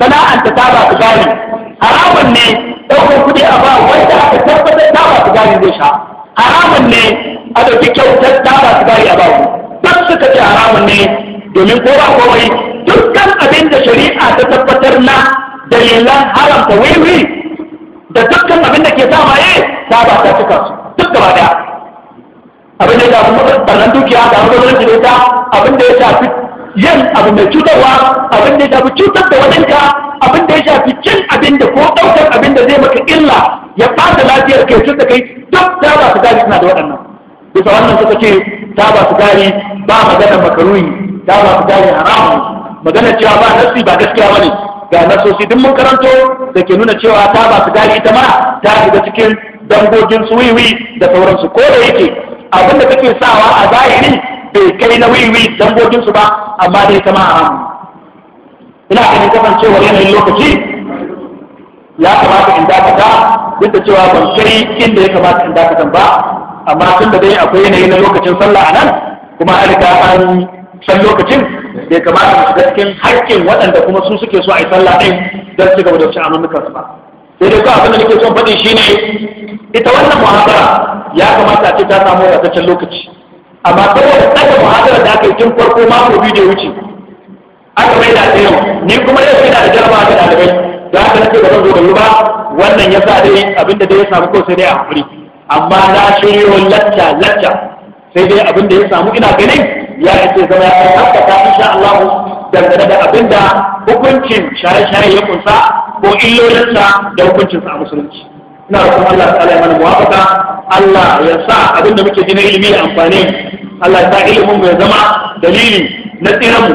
[SPEAKER 1] sana'anta taba gari. haramun ne ɗaukar kuɗi a ba wanda aka tabbatar taba gari zai sha haramun ne a ɗauki kyautar taba gari a ba duk suka ce haramun ne domin ko ba komai dukkan abin da shari'a ta tabbatar na dalilan haramta wuri da dukkan abin da ke sa maye ta ba ta cika su duk gaba daya abin da ya shafi barnan dukiya da mazalar jireta abin da ya shafi yin abu mai cutarwa abin da ya shafi cutar da wajenka abin da ya shafi cin abin da ko ɗaukar abin da zai maka illa ya ɓata lafiyar kai cuta kai duk ta ba su gari suna da waɗannan bisa wannan suka ce ta ba su gari ba maganar makaruni ta ba su gari haramun maganar cewa ba nasi ba gaskiya ba ne ga nasoshi duk mun karanto da ke nuna cewa ta ba su gari ita ma ta shiga cikin dangogin su wiwi da sauransu ko da yake abin da kake sawa a zahiri bai kai na wiwi dangogin su ba amma dai ta ma ina ganin kasancewar yanayin lokaci ya kamata in dakata duk da cewa ban kai inda ya kamata in dakatan ba amma tun da dai akwai yanayi na lokacin sallah a nan kuma an an san lokacin bai kamata mu shiga cikin haƙƙin waɗanda kuma su suke so a yi sallah ɗin don su gaba da cin amanukan ba
[SPEAKER 2] sai dai ko abin da nake son
[SPEAKER 1] faɗi shine ita wannan muhadara ya kamata a ce ta samu wadataccen lokaci amma saboda ɗaga muhadara da aka yi tun farko mako biyu da ya wuce aka mai da ta yau ni kuma yau ina da jarabawa da ɗalibai da aka nake ba zan zo da ba wannan ya sa dai abin da dai ya samu ko sai dai a haƙuri amma na shirya lacca lacca sai dai abin da ya samu ina ganin ya ce zama ya tabbata insha Allah dangane da abin da hukuncin shaye-shaye ya kunsa ko illolinsa da hukuncinsa a musulunci ina da kuma Allah ta'ala ya mana muwafaka Allah ya sa abinda muke ji na ilimi ya amfani Allah ya sa ilimin mu ya zama dalili na tsiranmu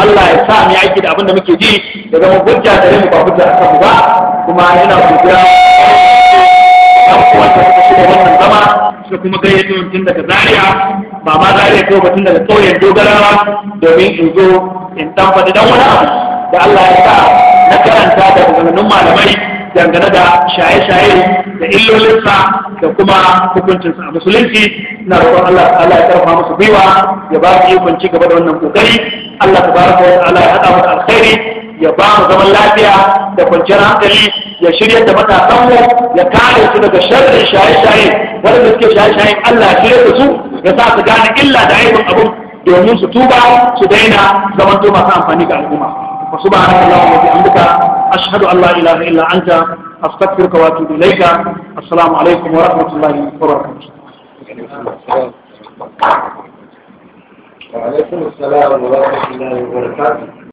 [SPEAKER 1] Allah ya sa mu aiki da abinda muke ji ya zama hujja da mu ba hujja a kanmu ba kuma yana godiya kan Kuma ta shiga wannan zama suka kuma gayyato tun daga Zaria ba ma za a iya ba tun daga ƙauyen ba domin in zo in tabbata dan wani abu da Allah ya sa na karanta da maganganun malamai dangane da shaye-shaye da illolinsa da kuma hukuncinsa a musulunci na roƙon Allah Allah ya karfa musu gwiwa ya ba su ikon ci gaba da wannan kokari Allah tabaraka wa ta'ala ya haɗa musu alkhairi ya ba mu zaman lafiya da kwanciyar hankali ya shirya da matasanmu ya kare su daga sharrin shaye-shaye wanda suke shaye shaye Allah ya shirya da su ya sa su gane illa da aibin abun domin su tuba su daina zaman to masu amfani ga al'umma wa subhanaka allahumma wa bihamdika ashhadu an la ilaha illa anta astaghfiruka wa atubu ilayka assalamu alaikum wa rahmatullahi wa
[SPEAKER 2] barakatuh وعليكم السلام ورحمة الله وبركاته